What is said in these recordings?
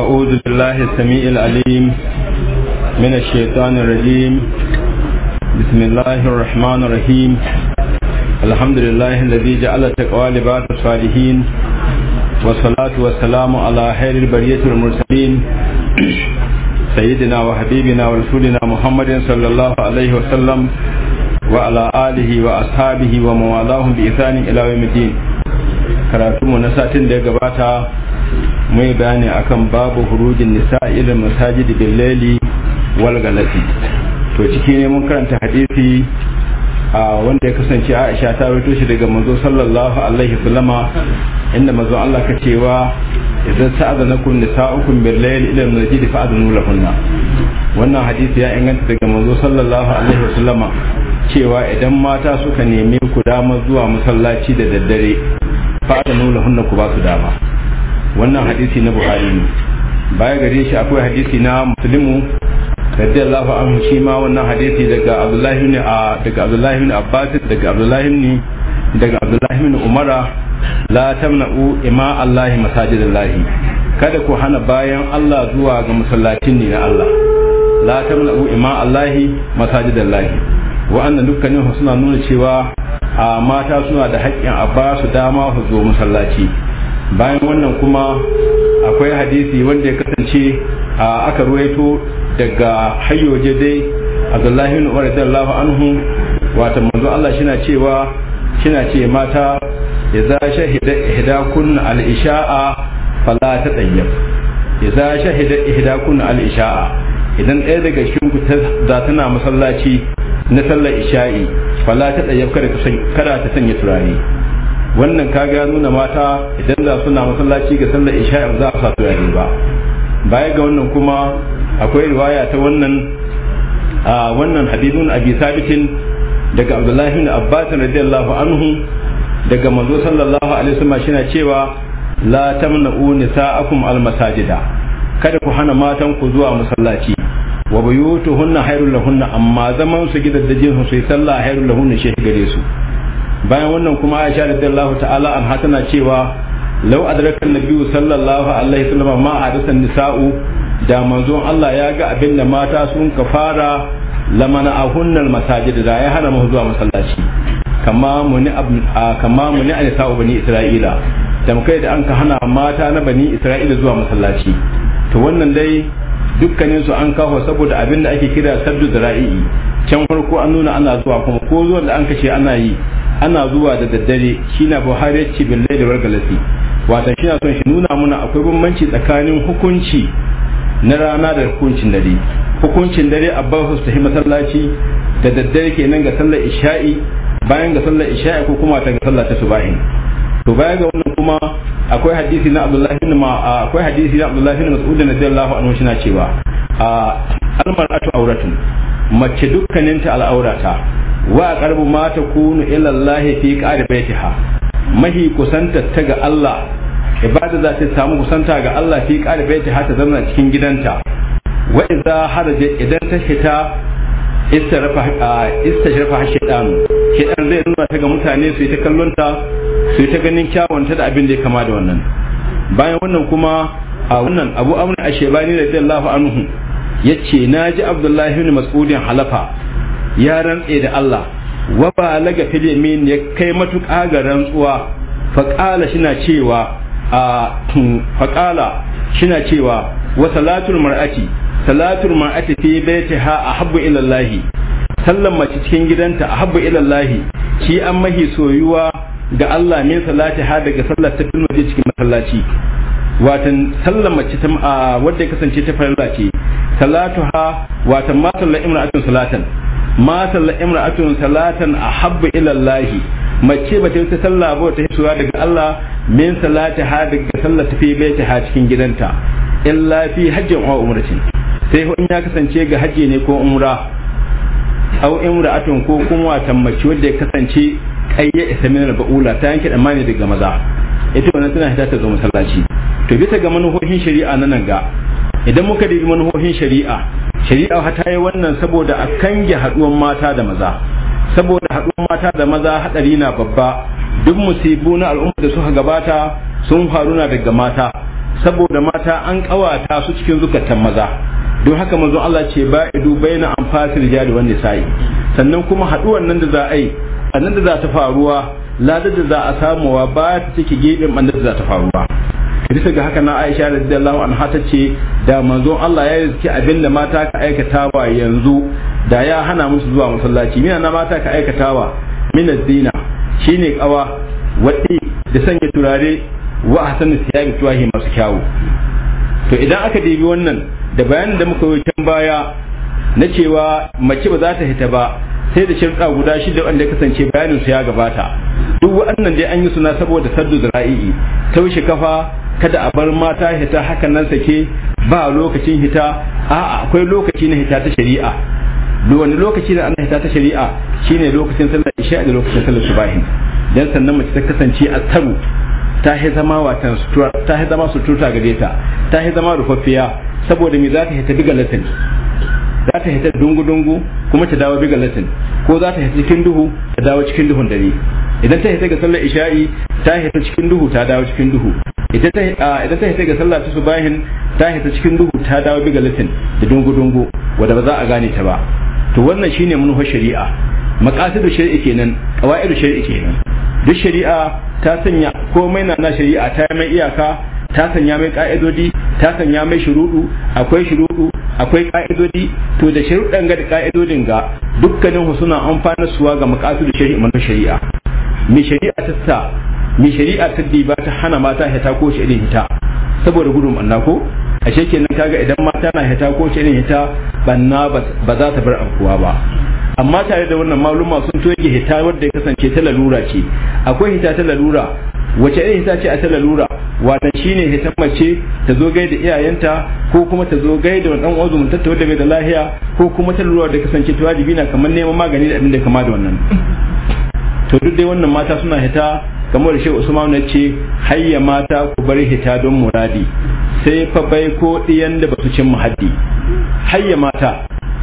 أعوذ بالله السميع العليم من الشيطان الرجيم بسم الله الرحمن الرحيم الحمد لله الذي جعل التقوى لباس الصالحين والصلاة والسلام على خير البرية المرسلين سيدنا وحبيبنا ورسولنا محمد صلى الله عليه وسلم وعلى آله وأصحابه وموالاهم بإحسان إلى يوم الدين كراتم نسات دقباتا mai bayani akan babu hurujin nisa ila masajid bil laili wal galati to ciki ne mun karanta hadisi a wanda ya kasance Aisha ta rawaito shi daga manzo sallallahu alaihi wasallama inda manzo Allah ka cewa idan sa'adanakum nisa'ukum bil layl ila al fa adnu lahunna wannan hadisi ya inganta daga manzo sallallahu alaihi wasallama cewa idan mata suka neme ku dama zuwa masallaci da daddare adnu lahunna ku ba su dama wannan hadisi na buhari ne baya gare shi akwai hadisi na muslimu radiyallahu anhu shi ma wannan hadisi daga abdullahi ne a daga abdullahi ne abbas daga abdullahi ne daga abdullahi ne umara la tamna'u ima allahi masajidallahi kada ku hana bayan allah zuwa ga masallacin ne na allah la tamna'u ima allahi masajidallahi wa'annan dukkanin suna nuna cewa a mata suna da haƙƙin Abba su dama su zo masallaci bayan wannan kuma akwai hadisi wanda ya kasance aka ruwaito daga hayyoje dai abdullahi bin umar radiyallahu anhu wato manzo Allah shina cewa shina ce mata za shahida ihdakun al-isha'a fala ya za shahida ihdakun al-isha'a idan ɗaya daga cikin ku ta tana masallaci na sallar isha'i fala ta tadayyab kada ta sanya turare wannan ka ga nuna mata idan su suna masallaci ga sallar isha ba za su sa ba baya ga wannan kuma akwai riwaya ta wannan wannan hadithun abi sabitin daga abdullahi ibn abbas radiyallahu anhu daga manzo sallallahu alaihi wasallam shina cewa la tamna'u nisa'akum almasajida kada ku hana matan ku zuwa masallaci wa buyutuhunna khairul lahunna amma zaman su gidaddajin su sai sallah khairul lahunna shi gare su bayan wannan kuma Aisha radiyallahu ta'ala anha tana cewa law adraka nabiyyu sallallahu alaihi wasallam ma hadisan nisa'u da manzon Allah ya ga abin da mata sun ka fara lamana ahunnal masajid da ya hana mu zuwa masallaci kama muni kama nisa'u bani isra'ila da yi da an ka hana mata na bani isra'ila zuwa masallaci to wannan dai dukkanin an kawo saboda abin da ake kira sabdu ra'i'i can farko an nuna ana zuwa kuma ko zuwan da an kace ana yi ana zuwa da daddare shi na buhari ya ce billai da wargalasi wata shi na son shi nuna muna akwai bambanci tsakanin hukunci na rana da hukuncin dare hukuncin dare a su tafi masallaci da daddare kenan ga sallar isha'i bayan ga sallar isha'i ko kuma ta ga sallar ta subahi to baya ga wannan kuma akwai hadisi na Abdullahi bin ma akwai hadisi na Abdullahi bin Mas'ud radiyallahu anhu shi na cewa almar'atu auratun mace dukkaninta al'aurata wa qarbu ma takunu ila Allah fi qari baitiha mahi kusanta ta ga Allah ibada za ta samu kusanta ga Allah fi qari baitiha ta zama cikin gidanta wa idza haraja idan ta fita istashrafa shaitan shaitan zai nuna ta ga mutane su yi ta kallonta su yi ta ganin kyawunta da abin da ya kama da wannan bayan wannan kuma a wannan abu amna ashebani da radiyallahu anhu yace naji abdullahi ibn mas'udin halafa ya rantse da Allah wa balaga fil min ya kai matuƙa ga rantsuwa Faƙala shina cewa a faqala shina cewa wa salatul mar'ati salatul mar'ati fi baitiha ahabbu ila Allah sallan mace cikin gidanta ahabbu ila Allah shi an mahi soyuwa ga Allah min salati ha daga sallar ta filma cikin masallaci watan sallan mace ta wadda kasance ta farilla ce salatu ha watan ma sallar imra'atun salatan ma salla imra'atun salatan ahabbu ila Allah mace ba ta yi sallah ba ta hisuwa daga Allah min salati ha daga sallah ta fi baita ha cikin gidanta illa fi hajjin wa umratin sai in ya kasance ga hajji ne ko umra aw imra'atun ko kuma wata mace wadda ya kasance kayya isa min ba'ula ta yanke mani daga maza ita wannan tana hita ta zo masallaci to bisa ga manuhohin shari'a nan ga idan muka dubi manuhohin shari'a shari'a hata yi wannan saboda a kange haɗuwan mata da maza saboda haduwan mata da maza hadari na babba duk musibu na al'umma da suka gabata sun faru na daga mata saboda mata an ƙawata su cikin zukatan maza don haka mazan Allah ce ba idu baina amfasil jari wanda sai sannan kuma haɗuwan nan da za a yi annan da za ta faruwa ladar da za a samuwa ba ta cike geben annan da za ta faruwa bisa ga haka na Aisha radiyallahu anha ta ce da manzo Allah ya yi abin da mata ka aikata wa yanzu da ya hana musu zuwa masallaci mina na mata ka aikata wa min dina shine kawa wadi da sanya turare wa ahsanu da tuwahi masu kyawu to idan aka dibi wannan da bayanin da muka yi can baya na cewa mace ba za ta hita ba sai da shirka guda shida wanda ya kasance bayanin su ya gabata duk waɗannan dai an yi suna saboda saddu zara'i'i taushe kafa kada a bar mata hita hakan nan sake ba lokacin hita a'a akwai lokaci na hita ta shari'a duk wani lokaci na ana hita ta shari'a shine lokacin sallar isha da lokacin sallar subahi dan sannan mace ta kasance a taru ta hi zama watan sutura ta hi zama sutura gare ta ta hi zama rufaffiya saboda me za ta hita biga latin za ta hita dungu-dungu kuma ta dawo biga latin ko za ta hita cikin duhu ta dawo cikin duhun dare idan ta hita ga sallar isha'i ta hita cikin duhu ta dawo cikin duhu idan ta hita ga sallah ta subahin ta hita cikin duhu ta dawo biga Litin da dungu dungu wanda ba za a gane ta ba to wannan shine manufar shari'a maqasidu shari'i kenan qawaidu shari'i kenan duk shari'a ta sanya komai na na shari'a ta mai iyaka ta sanya mai ka'idodi ta sanya mai shurudu akwai shurudu akwai ka'idodi to da sharuɗan ga da ka'idodin ga dukkanin suna amfana suwa ga maqasidu shari'a shari'a mai shari'a ta mai shari'a ta ba ta hana mata hita ko shi irin hita saboda gudun banna ko ashe kenan kaga idan mata na hita ko shi irin hita banna ba za ta bar ankuwa ba amma tare da wannan maluma sun toge hita wadda ya kasance ta lalura ce akwai hita ta lalura wace irin hita ce a ta lalura wata shine hita mace ta zo gaida iyayenta ko kuma ta zo gaida wani dan uwan wadda da lahiya ko kuma ta lalura da kasance ta wajibi na kamar neman magani da abin da kama da wannan to duk dai wannan mata suna hita kamar da shehu usman ya ce hayya mata ku bar hita don muradi sai fa bai ko diyan da basu cin muhaddi hayya mata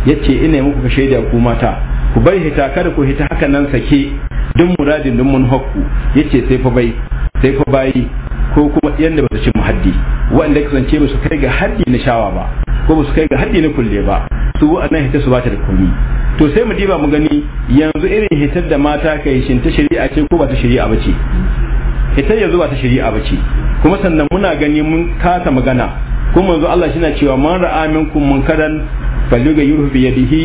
yace ina muku ka shaida ku mata ku bar hita kada ku hita haka nan sake don muradin don mun hakku yace sai fa bai sai fa bai ko kuma diyan da basu cin muhaddi wanda kasance ba su kai ga haddi na shawa ba ko ba su kai ga haddi na kulle ba su nan hita su ba ta da komi to sai mu diba mu gani yanzu irin hitar da mata kai shin ta shari'a ce ko ba ta shari'a ba ce hitar yanzu ba ta shari'a ba ce kuma sannan muna gani mun kasa magana kuma yanzu Allah shi na cewa man ra'a minkum munkaran falyuga yurhu bi yadihi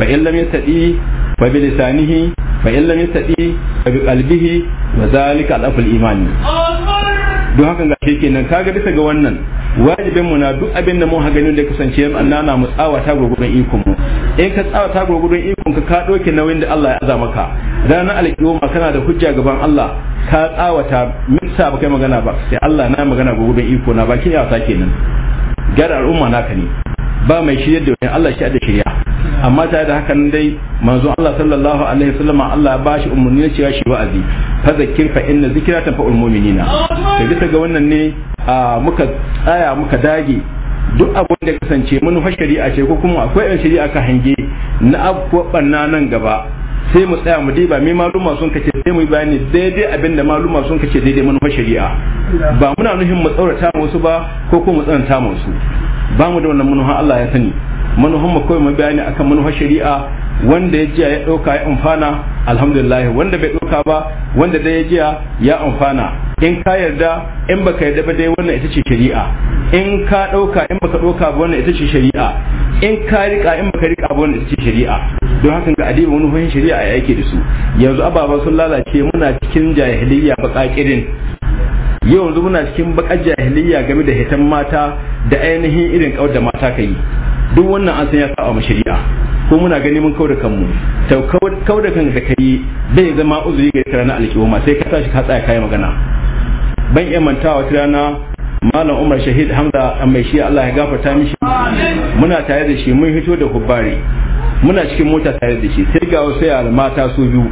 fa in lam yastati fa bi lisanihi fa in lam yastati fa bi qalbihi wa zalika al imani don haka ga shi kenan kaga bisa ga wannan wajibin mu na duk abin da mun ha ganin da kasance Allah na mu tsawata gurgurun ikon mu in ka tsawata gurgurun ikon ka ka doke nauyin da Allah ya aza maka ranar alƙiyoma kana da hujja gaban Allah ka tsawata misa ba kai magana ba sai Allah na magana gurgurun iko na bakin ya sake nan gara al'umma naka ne ba mai shirya da wani Allah shi da shirya amma tare da hakan dai manzon Allah sallallahu alaihi wasallam Allah ya bashi umarni na cewa shi wa'azi fa zakir fa inna zikra tanfa'ul mu'minina to bisa ga wannan ne muka tsaya muka dage duk abin da kasance manufar shari'a ce ko kuma akwai yan shari'a ka hange na abubuwan banna nan gaba sai mu tsaya mu diba me maluma sun kace sai mu bayani daidai abin da maluma sun kace daidai manufar shari'a ba muna nuhin mu tsaurata musu ba ko kuma mu tsanta musu ba mu da wannan manufa Allah ya sani manuhan mu kawai mabiya ne akan manuhar shari'a wanda ya jiya ya ɗauka ya amfana alhamdulillah wanda bai ɗauka ba wanda dai ya jiya ya amfana in ka yarda in baka yarda ba dai wannan ita ce shari'a in ka ɗauka in baka ɗauka ba wannan ita ce shari'a in ka rika in baka rika ba wannan ita ce shari'a don hakan ga adiba wani fahimtar shari'a ya yake da su yanzu ababa sun lalace muna cikin jahiliyya baka ƙirin. yau yanzu muna cikin bakar jahiliyya game da hitan mata da ainihin irin kawar da mata ka yi duk wannan an san ya saba ma shari'a ko muna gani mun kauda kanmu to kauda kan da kai bai zama uzuri ga ranar alƙiwama sai ka tashi ka tsaya kai magana ban iya mantawa wata rana malam umar shahid hamza mai shi Allah ya gafarta mishi muna tare da shi mun hito da hubbari muna cikin mota tare da shi sai ga wasu yara mata su biyu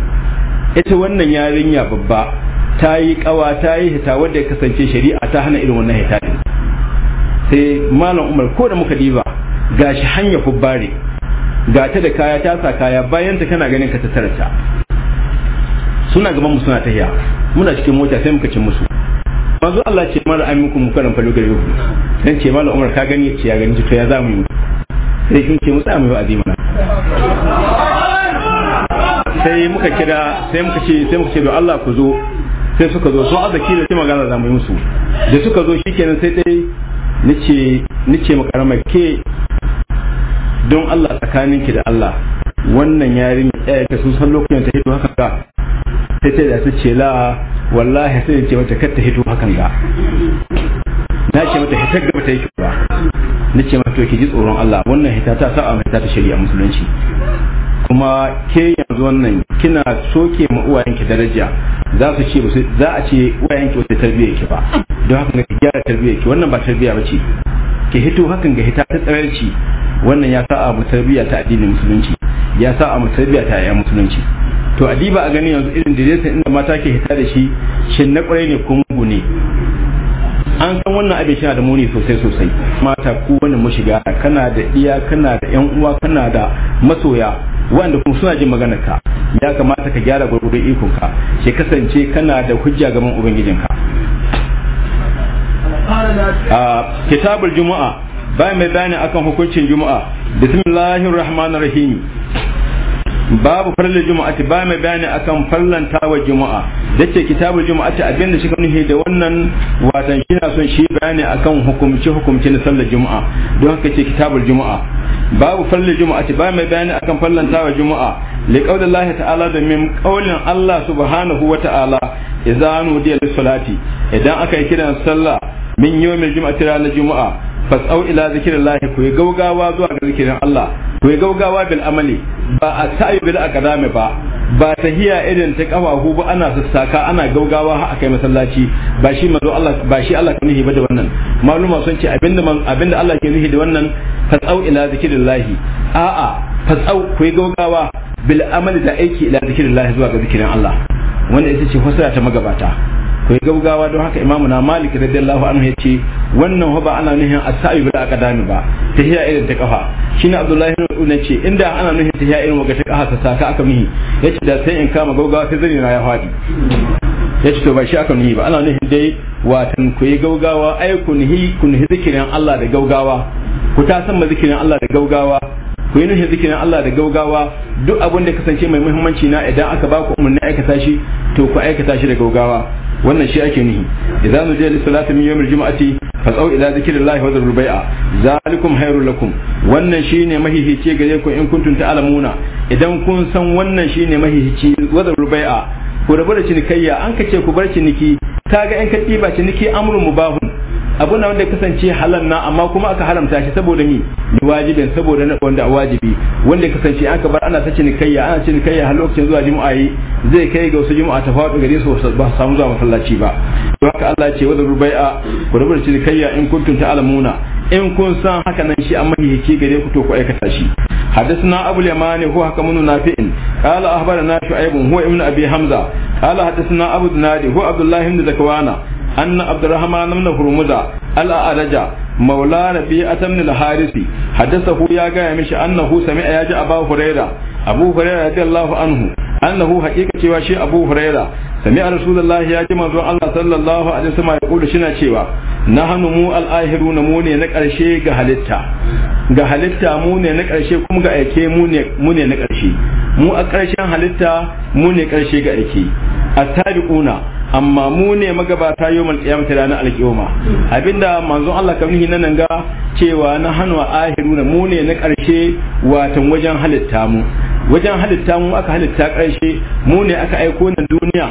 ita wannan yarinya babba ta yi kawa ta yi hita wadda ya kasance shari'a ta hana irin wannan hita sai malam umar ko da muka diba Ga shi hanya kubbare ga ta da kaya ta sa kaya bayan ta kana ganin ka ta suna gaban mu suna tahiya muna cikin mota sai muka ci musu manzo Allah ce mala mu mukaran falo gare ku dan ce mala Umar ka gani ya ce ya gani to ya za mu yi sai kin ce musa mu azima sai muka kira sai muka ce sai muka ce da Allah ku zo sai suka zo sun azaki da magana za mu yi musu da suka zo shikenan sai dai nace nace makarama ke don Allah tsakanin ki da Allah wannan yarin ɗaya ta sun san lokacin ta hito hakan ga ta ce da ta ce la wallahi sai ce mata kar ta hito hakan ga na ce mata hitar da ta yi ba na ce mata ki ji tsoron Allah wannan hita ta sa a hita ta shari'a musulunci kuma ke yanzu wannan kina soke ma uwayenki daraja za su ce za a ce uwayenki wata tarbiyyar ki ba don haka ki gyara tarbiyyar ki wannan ba tarbiyya ba ce ke hito hakan ga hita ta tsararci wannan ya sa a mutarbiya ta addinin musulunci ya sa a mutarbiya ta ya musulunci to adiba a ganin yanzu irin diresin inda mata ke hita da shi shin na kwarai ne ko mugu ne an san wannan abin shi da muni sosai sosai mata ku wani mashiga kana da iya kana da yan uwa kana da masoya wanda kuma suna jin maganar ka ya kamata ka gyara gurgurun ikon ka shi kasance kana da hujja gaban ubangijinka a kitabul juma'a bai mai bayani akan hukuncin juma'a bismillahir rahmanir rahim babu farlan juma'ati ba mai bayani akan farlan tawa juma'a dace kitabul juma'ati abin da shi nuhi da wannan watan shi na son shi bayani akan hukumci hukumci na sallar juma'a don haka ce kitabul juma'a babu farlan juma'ati ba mai bayani akan farlan tawa juma'a li qaulillahi ta'ala da min qaulin Allah subhanahu wa ta'ala idza nudiya lis-salati idan aka yi kiran sallah min yawmil juma'ati ranar juma'a fas'au ila lahi, ku yi gaugawa zuwa ga zikirin Allah ku yi gaugawa bil amali ba a sa'i bil aqdami ba ba tahiya irin ta kafafu ba ana sassaka ana gaugawa har akai masallaci ba shi manzo Allah ba shi Allah ke nuhi ba da wannan maluma sun ce abinda abinda Allah ke nuhi da wannan fas'au ila lahi. a'a fas'au ku yi gaugawa bil amali da aiki ila lahi zuwa ga zikirin Allah wanda ita ce fasara ta magabata ku ya gaugawa don haka imamu na malik radiyallahu anhu ya ce wannan ba ana nuhin a asabi aka aqdami ba tahiya irin ta kafa ne abdullahi na ne ce inda ana nuhin tahiya irin waga ta kafa ta saka aka mihi ce da sai in kama gaugawa ta zani na ya fadi ce to ba shi aka nuhi ba ana nuhin dai watan ku yi gaugawa ai kun hi kun hi zikirin Allah da gaugawa ku ta san zikirin Allah da gaugawa ku yi nuhin zikirin Allah da gaugawa duk abin da kasance mai muhimmanci na idan aka ba ku umarni aikata shi to ku aikata shi da gaugawa wannan shi ake nihi idan nudiya li salati min yawmil juma'ati fasau ila zikrillahi wa dharul bai'a zalikum khairul lakum wannan shine mahihici gare ku in kuntum ta'lamuna idan kun san wannan shine mahihici wa dharul bai'a ku rabu da cinikayya an kace ku bar ciniki kaga in ka tiba ciniki amrun mubahun abun na wanda kasance halal na amma kuma aka haramta shi saboda mi ni wajibin saboda na wanda wajibi wanda kasance aka bar ana ta kayya ana kayya har lokacin zuwa juma'a yi zai kai ga wasu juma'a ta faɗo gare su ba samu zuwa masallaci ba don haka Allah ce wadda rubai'a ku rubuta kayya in kuntum ta'lamuna in kun san haka nan shi amma yake gare ku to ku aikata shi حدثنا ابو اليمان هو حكم نافع قال اخبرنا شعيب هو ابن ابي حمزه قال حدثنا ابو الدناد هو عبد الله بن ذكوان أن عبد الرحمن بن هرمزة الأعرج مولى ربيعة بن الحارث حدثه يا جامش أنه سمع يا أبا هريرة أبو هريرة رضي الله عنه أنه حقيقة cewa shi Abu Huraira sami a Rasulullahi ya ji manzon Allah sallallahu alaihi wasallam ya kula shi na cewa na hannu mu al'ahiru na mu ne na ƙarshe ga halitta ga halitta mu ne na ƙarshe kuma ga aike mu ne na ƙarshe mu a ƙarshen halitta mu ne ƙarshe ga aike a tabi'una amma mu ne magabata yau mal da ranar alkiyoma abinda manzon Allah kan nuhi nan ga cewa na hannu ahiruna mu ne na karshe watan wajen halitta mu wajen halitta mu aka halitta karshe mu ne aka aiko na duniya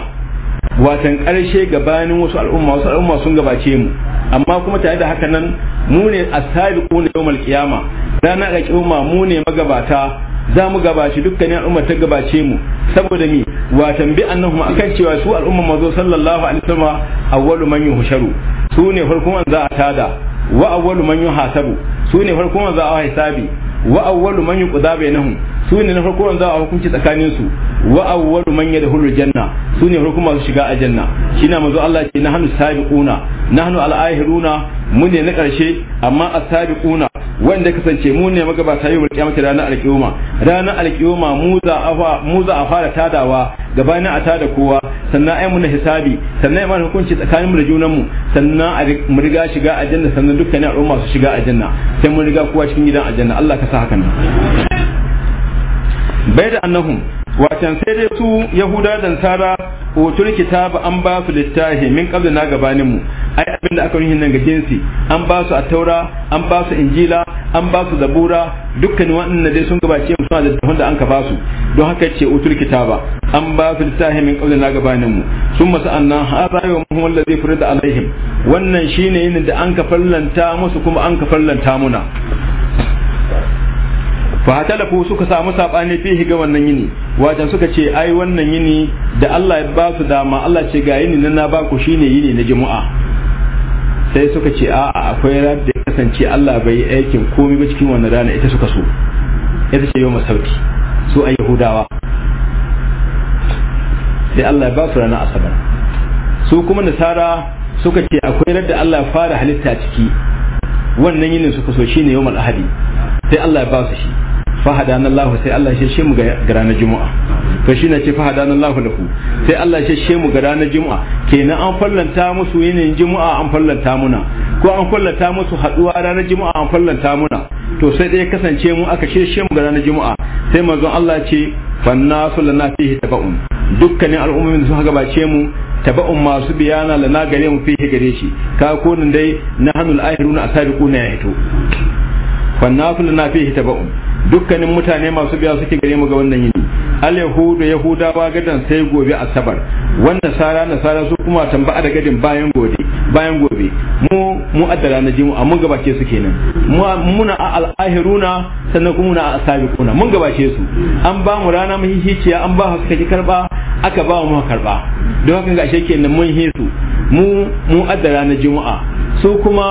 watan karshe gabanin wasu al'umma wasu al'umma sun gabace mu amma kuma tare da haka nan mu ne as-sabiquna yawmal qiyama ranar alkiyoma mu ne magabata za mu gabaci dukkanin al'umma ta gabace mu saboda mi wa tambi annahum akan cewa su al'umma mazo sallallahu alaihi wasallam awwalu man yuhsharu su ne farkon za a tada wa awwalu man yuhasabu su ne farkon za a hisabi wa awwalu man yuqda bainahum su ne na farko wanda a hukunci tsakanin su wa awwalu man yadkhulul janna su ne farko masu shiga aljanna shine manzo Allah ce nahnu sabiquna nahnu al-ahiruna mu ne na karshe amma as-sabiquna wanda kasance mu ne magabata yau kiyamata ranar alkiyuma ranar alkiyuma mu za a mu za a fara tadawa gabanin a tada kowa sannan ai mu na hisabi sannan ai mu hukunci tsakanin mu da junan mu sannan a mu riga shiga aljanna sannan dukkanin al'umma su shiga aljanna sai mu riga kowa cikin gidan aljanna Allah ka sa hakan bai da annahum wacan sai dai su yahuda da nasara hotul kitaba an ba su littahi min kabla na gabanin mu ai abinda aka nuhin nan ga jinsi an ba su attaura an ba su injila an ba su zabura dukkan waɗannan dai sun gabace mu suna da littafin da an ka ba su don haka ce utul kitaba an ba su littahi min kabla na gabanin mu sun masu annan hadha yawmuhum alladhi da alaihim wannan shine yin da an ka fallanta musu kuma an ka fallanta muna fa talafu suka samu sabani fihi ga wannan yini wajen suka ce ai wannan yini da Allah ya ba su dama Allah ce ga yini nan na ba ku shine yini na jumu'a sai suka ce a akwai ran da kasance Allah bai aikin komai ba cikin wannan rana ita suka so ita ce yawma sauti su a yahudawa sai Allah ya ba su rana asabar su kuma nasara suka ce akwai ran da Allah ya fara halitta ciki wannan yinin suka so shine yawmal ahadi sai Allah ya ba su shi fahadana Allah sai Allah ya shemu mu ga ranar juma'a to shi na ce fahadana Allah lahu sai Allah ya shemu mu ga ranar juma'a kenan an fallanta musu yinin juma'a an fallanta muna ko an fallanta musu haduwa ranar juma'a an fallanta muna to sai dai kasance mu aka sheshe mu ga ranar juma'a sai manzon Allah ce fannasu lana fihi taba'un dukkanin al'ummin sun haga gabace mu taba'un masu biyana lana gare mu fihi gare shi ka ko nan dai nahnul ahiruna asabiquna ya hito fannasu lana fihi taba'un dukkanin mutane masu biya suke gare mu ga wannan yini alyahudu yahudu yahudawa gadan sai gobe asabar wannan sara nasara su kuma tambaya da gadin bayan gobe bayan gobe mu mu addala na jimu amma gabace su kenan muna al-ahiruna sannan kuma muna asabiquna mun gabace su an ba mu rana mu hihiciya an ba haka ki karba aka ba mu karba don haka gashe kenan mun hisu mu mu addala na jimu'a su kuma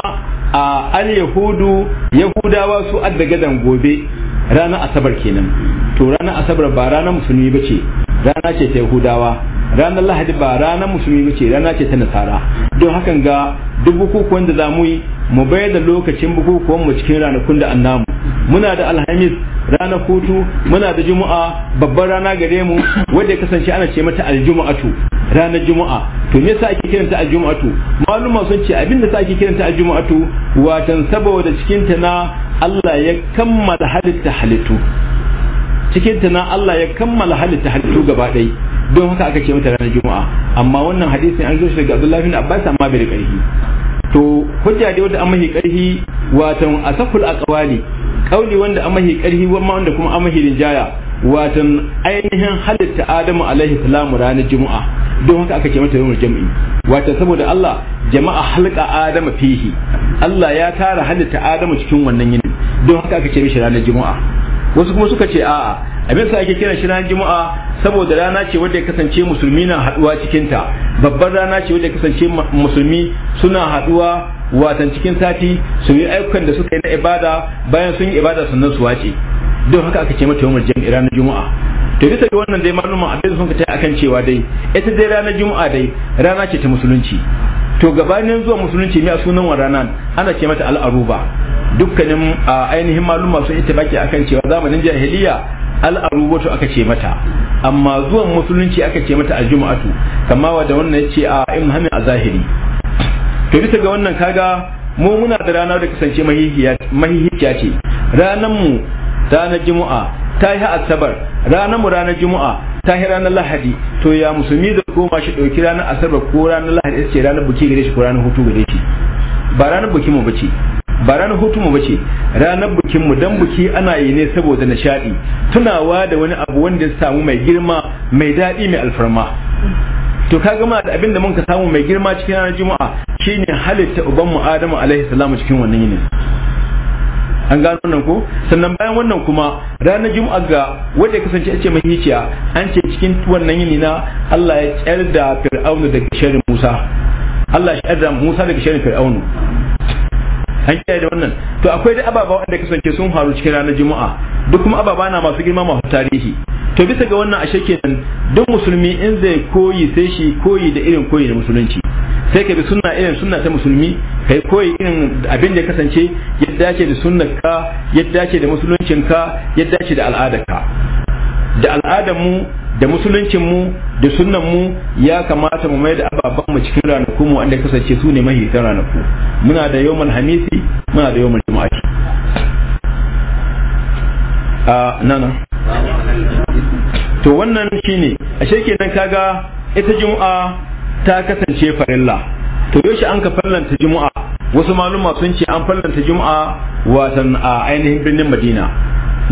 a al-yahudu yahudawa su adda gobe ranar asabar kenan to ranar asabar ba ranar musulmi ba ce rana ce ta yahudawa ranar lahadi ba ranar musulmi ba ce rana ce ta nasara don hakan ga duk bukukuwan da za mu yi mu bayar da lokacin bukukuwan mu cikin ranakun da annamu muna da alhamis ranar hutu muna da juma'a babbar rana gare mu wanda ya kasance ana ce mata aljuma'atu ranar juma'a to me yasa ake kiranta aljuma'atu maluma sun ce abin da sa ake kiranta aljuma'atu watan saboda cikin ta na Allah ya kammala halitta halittu cikin ta na Allah ya kammala halitta halittu gaba ɗaya don haka aka ce mata ranar juma'a amma wannan hadisin an zo shi daga Abdullahi bin Abbas amma bai da ƙarfi to hujja dai wata an mahi ƙarfi watan asaful aqwali kauli wanda amahi karhi wanda kuma amahi rinjaya watan ainihin halitta adamu alaihi salamu ranar juma'a don haka aka ce mata yawon jam'i wata saboda Allah jama'a halka adamu fihi Allah ya tara halitta adamu cikin wannan yini don haka aka ce mishi ranar juma'a wasu kuma suka ce a'a abin sa ake kiran shi ranar juma'a saboda rana ce wadda ya kasance musulmi na haduwa cikinta babbar rana ce wadda ya kasance musulmi suna haduwa watan cikin sati su yi ayyukan da suka yi na ibada bayan sun yi ibada sannan su wace don haka aka ce mata yawmul jam'i ranar juma'a to bisa ga wannan dai malumin abin da sun fita akan cewa dai ita dai ranar juma'a dai rana ce ta musulunci to gabanin zuwa musulunci mai sunan wa ranar ana ce mata al'aruba dukkanin ainihin maluma sun ita baki akan cewa zamanin jahiliya to aka ce mata amma zuwan musulunci aka ce mata a juma'atu wa da wannan ya ce a ibn hamid a zahiri to bisa ga wannan kaga mu muna da rana da kasance mahihiya ce ranar mu ranar juma'a ta yi asabar ranar mu ranar juma'a ta yi ranar lahadi to ya musulmi da goma shi ɗauki ranar asabar ko ranar lahadi ce ranar buki gare shi ko ranar hutu gare shi ba ranar buki mu bace ba ranar hutu mu bace ranar bukin mu dan buki ana yi ne saboda nishadi tunawa da wani abu wanda ya samu mai girma mai daɗi mai alfarma to kaga gama da abin da mun ka samu mai girma cikin ranar juma'a shine halitta uban mu adamu alaihi salamu cikin wannan yini an gano wannan ko sannan bayan wannan kuma ranar juma'a ga wanda kasance a ce mahiciya an ce cikin wannan yini na Allah ya tsayar da fir'aunu daga sharrin Musa Allah ya tsayar da Musa daga sharrin fir'aunu an kiyaye da wannan to akwai da ababa wanda kasance sun faru cikin ranar juma'a duk kuma ababa na masu girma masu tarihi to bisa ga wannan ashe kenan duk musulmi in zai koyi sai shi koyi da irin koyi da musulunci sai ka bi sunna irin sunna ta musulmi kai koyi irin abin da kasance yadda dace da ka yadda dace da musuluncinka yadda dace da al'adarka da al'adar mu da musuluncin mu da sunnan mu ya kamata mu mai da ababban mu cikin ranaku mu wanda kasance su ne mahitan ranaku muna da yawmul hamisi muna da yawmul juma'a a nana to wannan shine ashe kenan kaga ita juma'a ta kasance farilla to yaushe an ka fallanta jumu'a wasu maluma sun ce an fallanta jumu'a watan a ainihin birnin madina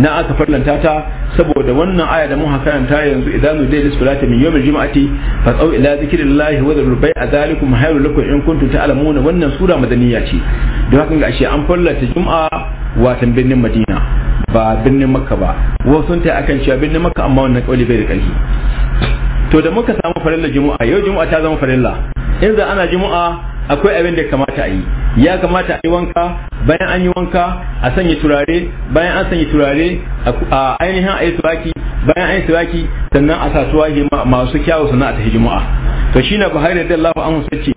na aka fallanta ta saboda wannan aya da muka karanta yanzu idan mu dai salati min yawmil jumu'ati fa tsaw ila zikrillahi wa dhul bai'a zalikum hayru lakum in kuntum ta'lamuna wannan sura madaniya ce don haka ga ashe an fallanta juma'a watan birnin madina ba birnin makka ba wasu sun ta akan cewa birnin makka amma wannan kauli bai da ƙarfi to da muka samu farilla juma'a yau juma'a ta zama farilla in za ana juma'a akwai abin da kamata a yi ya kamata a yi wanka bayan an yi wanka a sanya turare bayan an sanya turare a ainihin a yi turaki bayan an yi turaki sannan a sa turaki masu kyawu sannan a tafi juma'a to shi na buhari da allahu an ce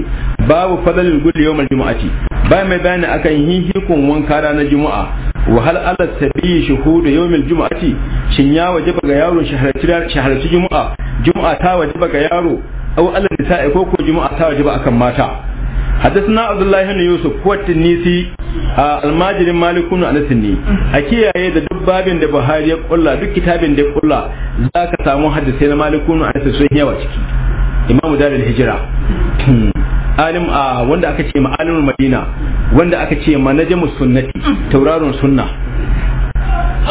babu fadalin gudu yau juma'a ce bayan mai bayani akan hihikun wanka ranar juma'a wa hal ala tabi shuhudu yawmil jumu'ati shin ya wajaba ga yaro shaharci juma'a, juma'a ta waje ga yaro Allah ala nisa'i ko ko juma'a ta wajaba akan mata حدثنا عبد الله بن يوسف قوت النيسي الماجر مالك بن انس ني اكي yaye da dubbabin da Buhari ya kulla duk kitabin da ya kulla zaka samu hadisi na Malik بن انس sun yawa ciki Imam Darul Hijra alim a ah, wanda aka ce ma alimul madina wanda aka ce ma najamus sunnati tauraron sunna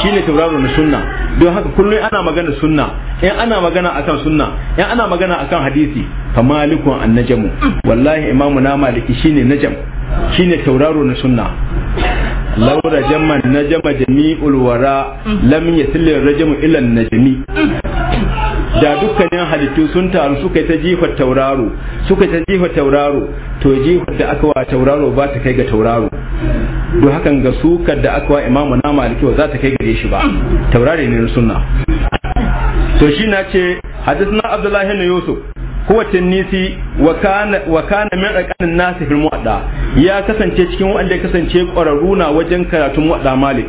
shine tauraro na sunna don haka kullum ana magana sunna in ana magana akan sunna in ana magana akan hadisi fa malikun annajamu wallahi imamu na maliki shine najam shine tauraro na sunna laura jamma najama jami'ul wara lam yasil rajamu illa najmi da dukkanin halittu sun taru suka ta jifa tauraro suka ta jifa tauraro to jifa da aka wa tauraro ba ta kai ga tauraro don hakan ga sukar da aka wa imamu na maliki za ta kai gare shi ba taurari ne na sunna to shi na ce hadisna abdullahi na yusuf kowace nisi wa kana min rakanin nasi fil wada ya kasance cikin wanda ya kasance ƙwararru na wajen karatun wada malik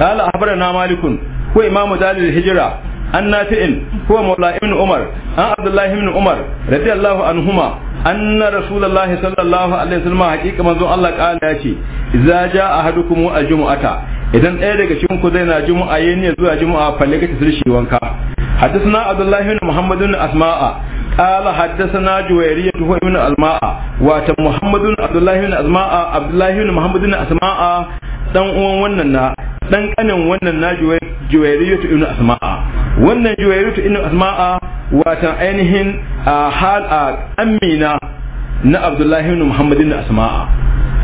habar na malikun ko imamu dalil hijira an nafi'in ko maula ibn umar an abdullahi ibn umar radiyallahu anhuma anna rasulullahi sallallahu alaihi wasallam hakika manzo Allah kala ya ce idza jaa ahadukum aljum'ata idan ɗaya daga cikin ku zai na jumu'a yayin ya zuwa jumu'a falle kace sirshi wanka حدثنا عبد الله بن محمد بن أسماء قال حدثنا جويرية هو ابن أسماء وات محمد بن عبد الله بن أسماء عبد الله بن محمد بن أسماء دان uwan wannan na dan kanin wannan na juwairiyatu ibn asma'a wannan juwairiyatu ibn asma'a watan ainihin hal a amina na abdullahi ibn muhammadin asma'a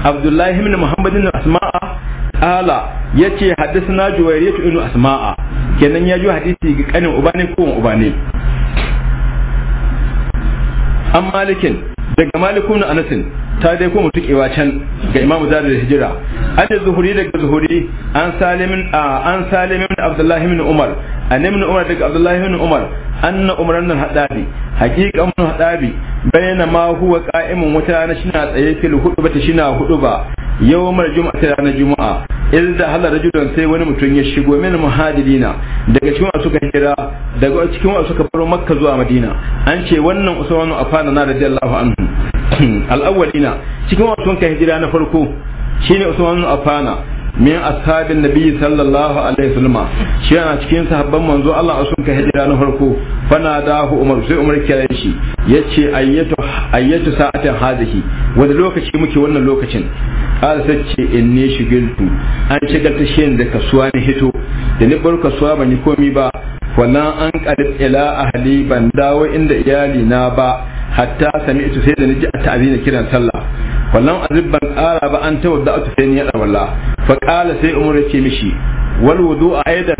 abdullahi ibn muhammadin asma'a ala yace juwayar ya ibn asma'a kenan ya ji hadisi ga kanin ubane ko ubane an malikin daga malikun anasin ta dai ko mutukewa can ga Imam Zari da Hijira an da zuhuri daga zuhuri an salimin an salimin Abdullahi min Umar an ibn Umar daga Abdullahi min Umar an anna nan haɗari. Hakika, haqiqa ibn haɗari. bayyana ma huwa ƙa'imin wata na shina tsaye fil shi shina huduba ba. Yau, ranar juma'a iz da hala rajulan sai wani mutum ya shigo min muhajirina daga cikin wasu ka hira daga cikin wasu ka faro makka zuwa madina an ce wannan usman afana na radiyallahu anhu al'awwalina cikin wasu ka hijira na farko shine Usman afana min ashabin nabi sallallahu alaihi wasallam shi yana cikin sahabban manzo Allah asun ka hijira na farko fana dahu Umar sai Umar kira shi yace ayyatu ayyatu sa'atin hadihi wanda lokaci muke wannan lokacin qala sace inni shigiltu an shigarta shi da kasuwa na hito da ni bar kasuwa ban yi komi ba wala an qalib ila ahli ban dawo inda iyali na ba hatta sami'tu sai da naji at-ta'zina kiran sallah wallan azibban qala ba an tawadda'tu sai ni yada walla fa qala sai umar yake mishi wal wudu'a aidan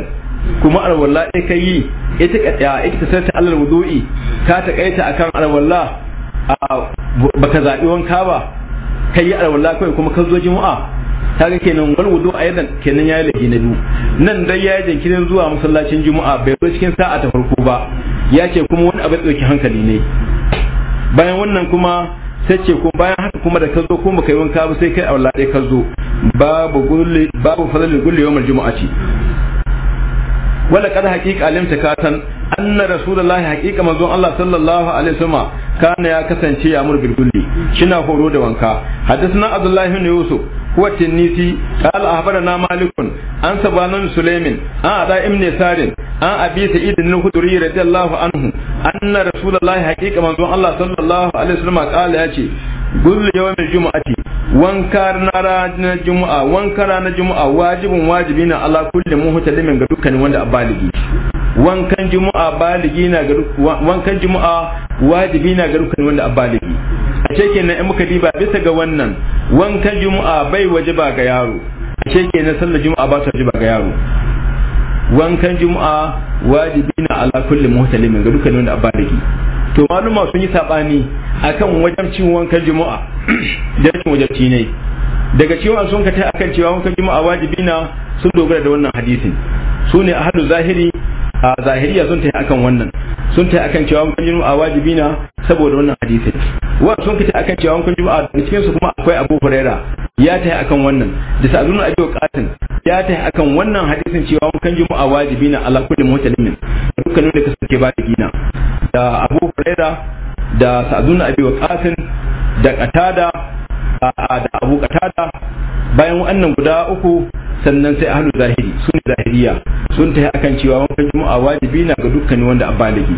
kuma alwalla ai kai ita ka ita ta sarta alal wudu'i ka kaita akan a baka zabi wanka ba kai yi alwalla kai kuma ka zo ta kaga kenan wal wudu a kenan yayi lahi na biyu nan dai yayi jinkirin zuwa masallacin jumu'a bai zo cikin sa'a ta farko ba ya ce kuma wani abu dauki hankali ne bayan wannan kuma sai ce ko bayan haka kuma da ka zo kuma kai wanka ba sai kai aula dai ka zo babu gulli babu fadalin gulli yawmal jumu'ati wala kada haqiqa alimta katan anna rasulullahi haqiqa manzon Allah sallallahu alaihi wasallam kana ya kasance ya murbil gulli shina horo da wanka hadisna abdullahi ibn yusuf huwa tinisi qala na malikun an sabanun sulaimin an ada ibn sarin an abi sa'id bin khudri radiyallahu anhu anna rasulullahi haqiqa manzon Allah sallallahu alaihi wasallam qala yace gulli yawmin jumu'ati wanka na jumu'a wanka na jumu'a wajibin wajibi na ala kulli muhtalimin ga dukkanin wanda a baligi wankan jumu'a baligi na ga wankan jumu'a wajibi na ga dukkanin wanda a baligi ashe kenan in muka diba bisa ga wannan wankan juma'a bai waje ba ga yaro ashe kenan sallar juma'a ba ta ba ga yaro wankan juma'a wajibi na ala kulli muhtalimin ga dukkan wanda abariki to maluma sun yi sabani akan cin wankan juma'a da cin wajabci ne daga cewa sun ka tai akan cewa wankan juma'a wajibi na sun dogara da wannan hadisin su ne ahadu zahiri a zahiriya sun tai akan wannan sun ta akan cewa wankan jima'a wajibi na saboda wannan hadisi wa sun ta akan cewa wankan jima'a da cikin su kuma akwai Abu Huraira ya ta akan wannan da Sa'dun Abi Qatin ya ta akan wannan hadisin cewa wankan jima'a wajibi na ala kulli mutallimin dukkanin da kasance ba gina da Abu Huraira da Sa'dun Abi Qatin da Qatada da Abu Qatada bayan wannan guda uku sannan sai ahlu zahiri sun zahiriya sun ta akan cewa wankan juma'a wajibi na ga dukkanin wanda abaligi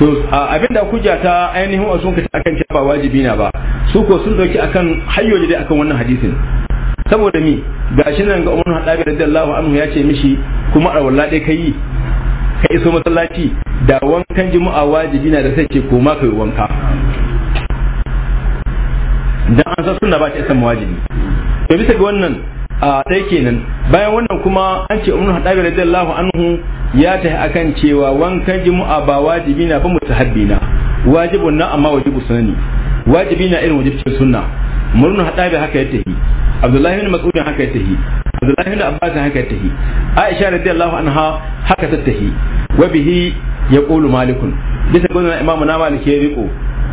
to abinda kuja ta ainihin wasu kace akan cewa ba wajibi na ba su ko sun doki akan hayyoji dai akan wannan hadisin saboda mi gashi nan ga Umar Hadabi radiyallahu anhu ya ce mishi kuma a wallahi kai ka iso masallaci da wankan juma'a wajibi na da sai ce koma kai wanka dan an san sunna ba ta isa wajibi to bisa ga wannan a dai kenan bayan wannan kuma an ce umar haɗabi radiyallahu anhu ya ta akan cewa wankan jimu'a ba wajibi na ba mutahabbi na wajibun na amma wajibu sunani wajibi na irin wajibcin sunna murnu haɗabi haka ya tahi abdullahi bin mas'udin haka ya tahi abdullahi bin abbas haka ya tahi aisha radiyallahu anha haka ta tahi wa bihi yaqulu malikun bisa gudun imamu na maliki ya riko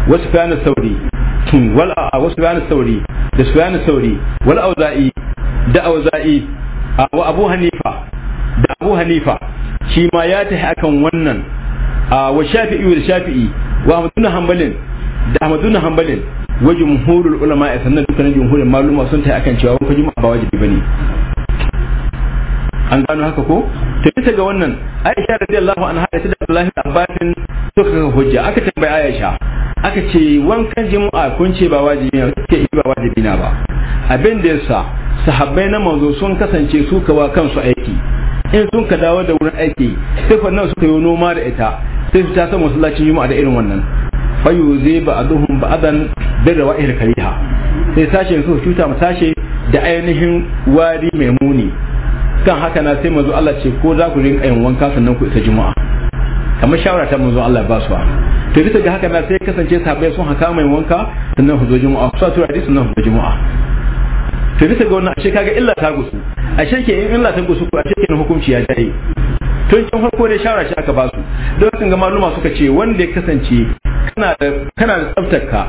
wasu fiyanar sauri wal a wasu fiyanar sauri da su fiyanar sauri wal auza'i da auza'i wa abu hanifa da abu hanifa shi ma ya tahi akan wannan wa shafi'i wa shafi'i wa ahmadun hanbalin da ahmadun hanbalin wa jumhurul ulama ya sannan dukkanin jumhurin maluma sun tahi akan cewa wanka juma'a ba wajibi bane an gano haka ko ta bisa ga wannan aisha radiyallahu anha da ta da Abdullahi Abbasin suka hujja aka tambayi aisha aka ce wankan jima'a kun ce ba wajibi ne suke yi ba wajibi na ba abin da yasa sahabbai na manzo sun kasance su kawa kansu aiki in sun ka dawo da wurin aiki sai nan suka yi noma da ita sai su ta samu masallacin jima'a da irin wannan fa zai ba aduhum ba adan kariha sai sashe su cuta mu sashe da ainihin wari mai muni kan haka na sai manzo Allah ce ko za ku rinka yin wanka sannan ku isa jima'a kamar shawara ta manzo Allah ba su to bisa ga haka na sai kasance sahabbai sun haka mai wanka sannan hujjo zo juma'a su tura hadisi sannan hujjo zo juma'a to bisa ga wannan ashe kaga illa ta gusu ashe ke in illa ta gusu ko ashe ke hukunci ya dai tun in farko dai shawara shi aka ba su don sun ga maluma suka ce wanda ya kasance kana da kana da tsaftar ka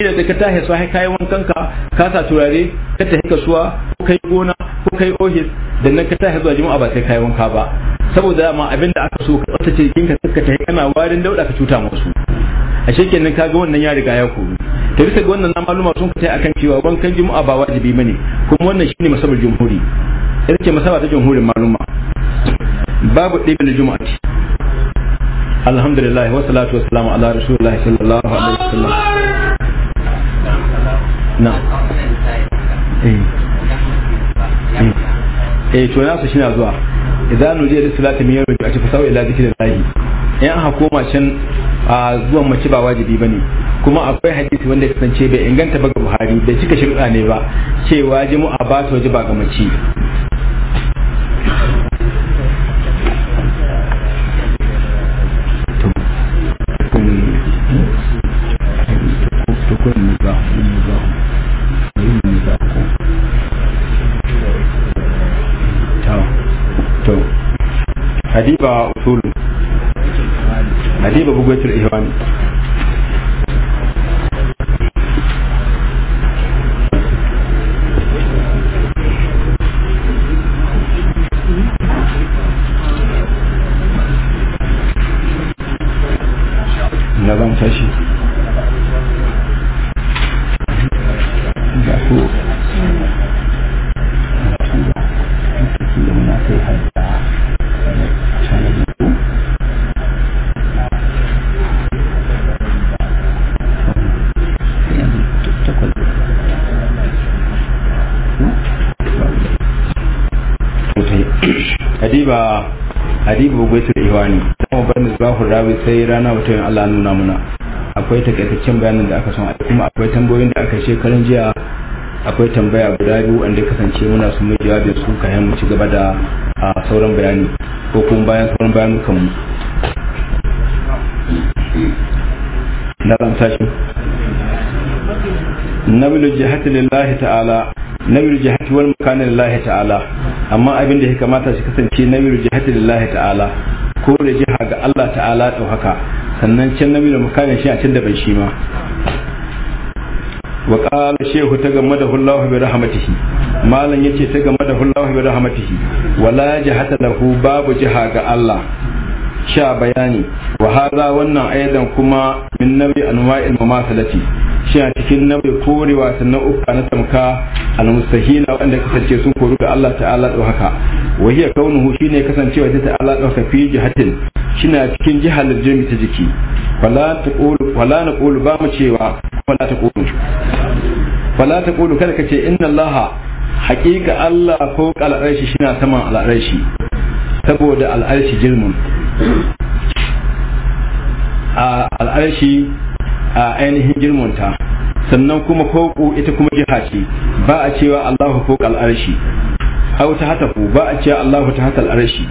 idan da ka tahe su hai kai wankan ka ka sa turare ka tahe kasuwa ko kai gona ko kai ofis da nan ka tahe zuwa juma'a ba sai kai wanka ba saboda ma abin da aka so ka tsaftace jikinka suka ta kana warin dauda ka cuta musu a shekenan kaga wannan ya riga ya koyi ta bisa ga wannan na maluma sun fita akan cewa wankan juma'a ba wajibi bane kuma wannan shine masabar jumhuri ita ce masaba ta jumhurin maluma babu ɗibin jumu'a alhamdulillah wa salatu wa salamu ala rasulillah. sallallahu alaihi wasallam na eh eh to nasu shine zuwa idan nudiya da salati mai yau a tafi sawa ila lahi in aka koma can zuwan mace ba wajibi ne kuma akwai hadisi wanda ya kasance bai inganta ba ga Buhari bai cika shirka ne ba cewa a ba ta wajiba ga mace hadiba usul hadiba bugatul ihwani ba hadibu gwaisu iwani ta mu bar misbahu rawi sai rana mutum Allah nuna muna akwai takaitaccen bayanin da aka son kuma akwai tambayoyin da aka shekarun jiya akwai tambaya guda biyu wanda ya kasance muna su mai jawabin su kayan mu ci gaba da sauran bayani ko kuma bayan sauran bayanin kan mu na ramsashi na bilu jihati lillahi ta'ala nawir jihati wal makana lillahi ta'ala amma abin da ya kamata shi kasance nawir jihati lillahi ta'ala ko da jiha ga Allah ta'ala to haka sannan can nawir makana shi a can da bai shi ma wa qala shehu ta gama da bi rahmatihi malan yace ta gama da Allah bi rahmatihi wala jihata lahu babu jiha ga Allah sha bayani wa hadha wannan ayatan kuma min nawi anwa'il mamasalati shi a cikin na bai kore wasannin uku na tamka mustahina wanda kasance sun koru ga Allah ta'ala da haka wa hiya kaunuhu shine kasancewa ta ta'ala da haka fi jihatin shina cikin jihar jami ta jiki fala ta qulu fala na qulu ba mu cewa fala ta qulu fala ta qulu kada kace inna Allah haqiqa Allah ko al'arshi shina saman al'arshi saboda al'arshi jirmun a al'arshi a ainihin girmanta sannan kuma fauku ita kuma jiha ce ba a cewa Allahu fauq al'arshi aw tahtafu ba a cewa Allahu tahta al'arshi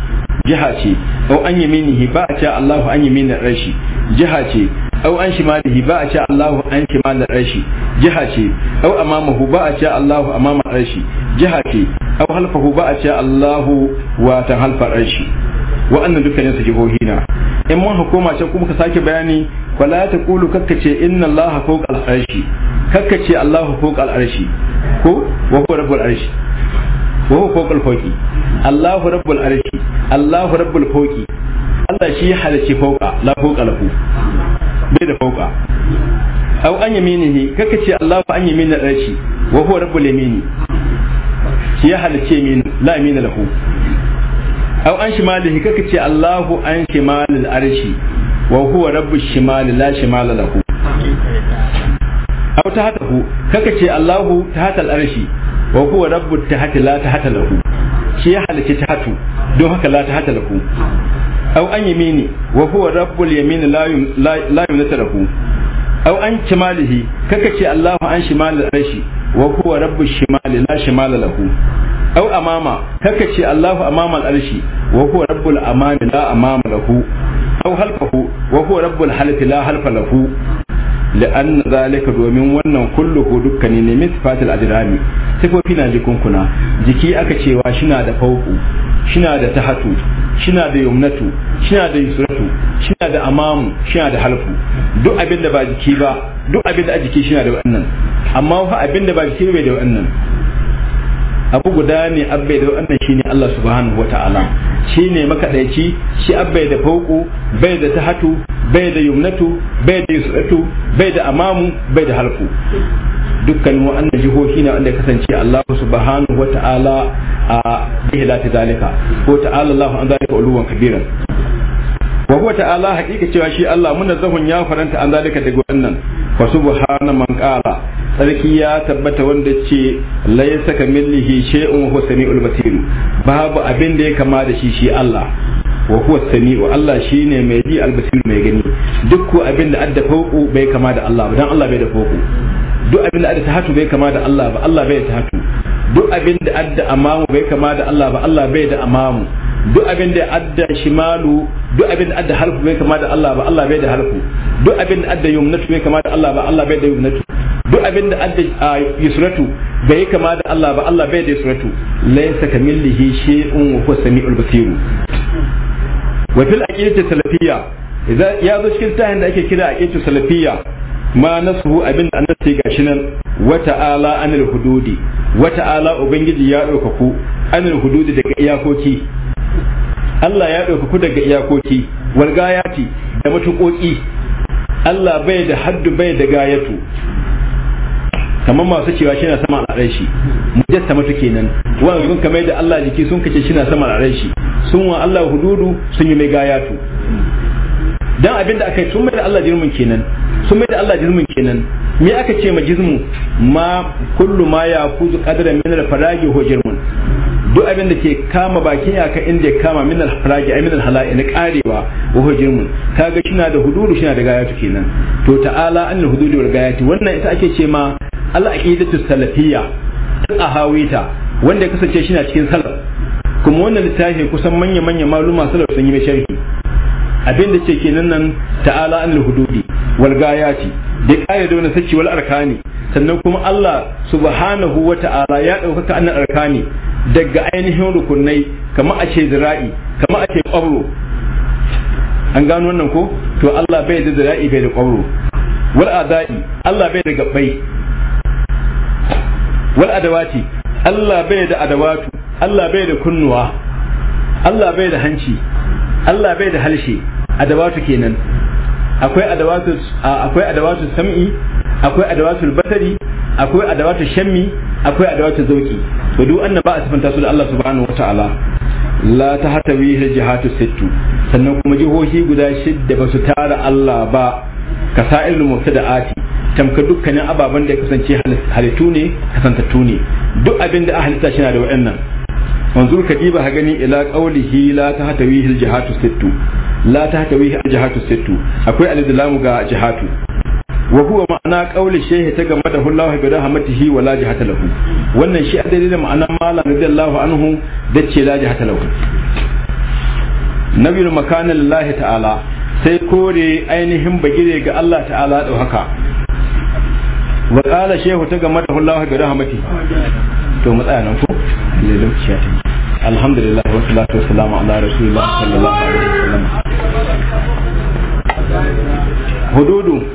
jiha ce aw an yaminihi ba a cewa Allahu an yamin al'arshi jiha ce aw an shimalihi ba a cewa Allahu an shimal al'arshi jiha ce aw amamahu ba a cewa Allahu amama al'arshi jiha ce aw halfahu ba a cewa Allahu wa ta halfa al'arshi wa'annan dukkanin su jihohi na in mun hukuma ce kuma ka sake bayani fala ta kulu kakka ce inna allaha fawqa al-arshi kakka ce allahu fawqa al-arshi ko wa huwa rabbul arshi wa huwa fawqa al-fawqi allahu rabbul arshi allahu rabbul fawqi Allah shi ya halarci fauka la fauka lahu bai da fauka au an yaminihi kaka ce Allah fa an yamina rashi wa huwa rabbul yamini shi ya halarci yamin la yamina lahu au an shimalihi kaka ce Allahu an shimalil arshi wa huwa rabbu shimali la shimala lahu aw tahatahu kaka ce Allahu tahata al-arshi wa huwa rabbu tahati la tahata lahu shi ya halice tahatu don haka la tahata lahu aw an yamini wa huwa rabbul yamin la la yunata lahu aw an shimalihi kaka ce Allahu an shimal al-arshi wa huwa rabbu shimali la shimala lahu aw amama kaka ce Allahu amama al-arshi wa huwa rabbul amani la amama lahu أو حلفه وهو رب الحلف لا حلف له لأن ذلك دومين wannan kulluhu dukkani ne min sifatil ajrami sifofi na jikunkuna jiki aka cewa shina da fauku shina da tahatu shina da yumnatu shina da yusratu shina da amamu shina da halfu duk abin ba jiki ba duk da a amma fa abin ba jiki bai da wannan abu guda ne abbai da wannan shine Allah subhanahu wata'ala shine makadaici shi abbai da fauku bai da tahatu bai da yumnatu bai da yusratu bai da amamu bai da halku dukkan wa'annan jihohi ne wanda kasance Allah subhanahu wata'ala a bihi ta zalika ko ta'ala Allah an zalika uluwan kabiran wa huwa ta'ala haqiqa cewa shi Allah munazzahun ya faranta an zalika daga wannan fa subhana man qala sarki ya tabbata wanda ce laysa kamillihi shay'un huwa samiul basir babu abin da ya kama da shi shi Allah wa huwa sami'u Allah shine mai ji albasir mai gani duk ko abin da adda fauku bai kama da Allah ba dan Allah bai da fauku duk abin da adda tahatu bai kama da Allah ba Allah bai da tahatu duk abin da adda amamu bai kama da Allah ba Allah bai da amamu duk abin da adda shimalu duk abin da adda halfu bai kama da Allah ba Allah bai da halfu duk abin da adda yumnatu bai kama da Allah ba Allah bai da yumnatu duk abin da adda yusratu bai kama da Allah ba Allah bai da yusratu laysa kamillihi shay'un wa huwa samiul basir wa fil aqidati salafiyya idan ya zo cikin tahin da ake kira aqidatu salafiyya ma nasu abin da annabi gashi nan wa ta'ala anil hududi wa ta'ala ubangiji ya dauka ku anil hududi daga iyakoki Allah ya ɗaukaku daga iyakoki walgayati da matuƙoƙi Allah bai da haddu bai da gayatu kamar masu cewa shi na sama a shi mujassama mutu kenan wanda sun kamar da Allah jiki sun kace shi na sama a shi sun wa Allah hududu sun yi mai gayatu dan abinda aka yi sun mai da Allah jirmin kenan sun mai da Allah jirmin kenan me aka ce ma jizmu ma kullu ma ya kuzu qadara min al faraji ho jirmun duk abin da ke kama bakin yaka inda ya kama min al-faraj ay min al-hala'i na karewa wa hujurmun kaga shina da hududu shina da gayatu kenan to ta'ala annal hududu wal gayatu wannan ita ake ce ma al-aqidatu salafiyya a hawita wanda ya kasance shina cikin salaf kuma wannan littafi kusan manya manya maluma salaf sun yi mai sharhi abin da ce kenan nan ta'ala annal hududi wal gayati da da wannan sacci wal arkani sannan kuma Allah subhanahu wa ta'ala ya ɗaukaka annan arkani daga ainihin rukunai kama a ce zira'i kama a ce ƙwabro an gano wannan ko to Allah bai da zira'i bai da ƙwabro wal adai Allah bai da gabbai wal adawati Allah bai da adawatu Allah bai da kunnuwa Allah bai da hanci Allah bai da halshe adawatu kenan akwai adawatu akwai adawatu sam'i akwai adawatu batari akwai adawatu shammi akwai adawatu zauki to duk annan ba a sifanta su da Allah subhanahu wataala la tahtawi jihatu sittu sannan kuma jihohi guda shidda ba su tara Allah ba kasa'il mubtada'ati tamka dukkanin ababan da ya kasance halittu ne kasantattu ne duk abin da a halitta shi na da wa'annan wanzur kadiba ha gani ila qawlihi la hata wihil jihatu sittu la hata wihil jihatu sittu akwai al ga jihatu wa huwa ma'ana qauli shehi ta game da hullahu bi rahmatihi wa la jihata lahu wannan shi a dalilin ma'anar malam radiyallahu anhu da ce la jihata lahu nabiyul makanin lillahi ta'ala sai kore ainihin bagire ga Allah ta'ala da haka wa qala shehu ta game da hullahu bi rahmatihi to matsaya nan ko lokaci ya alhamdulillah wa salatu wassalamu ala rasulillah sallallahu alaihi wasallam hududu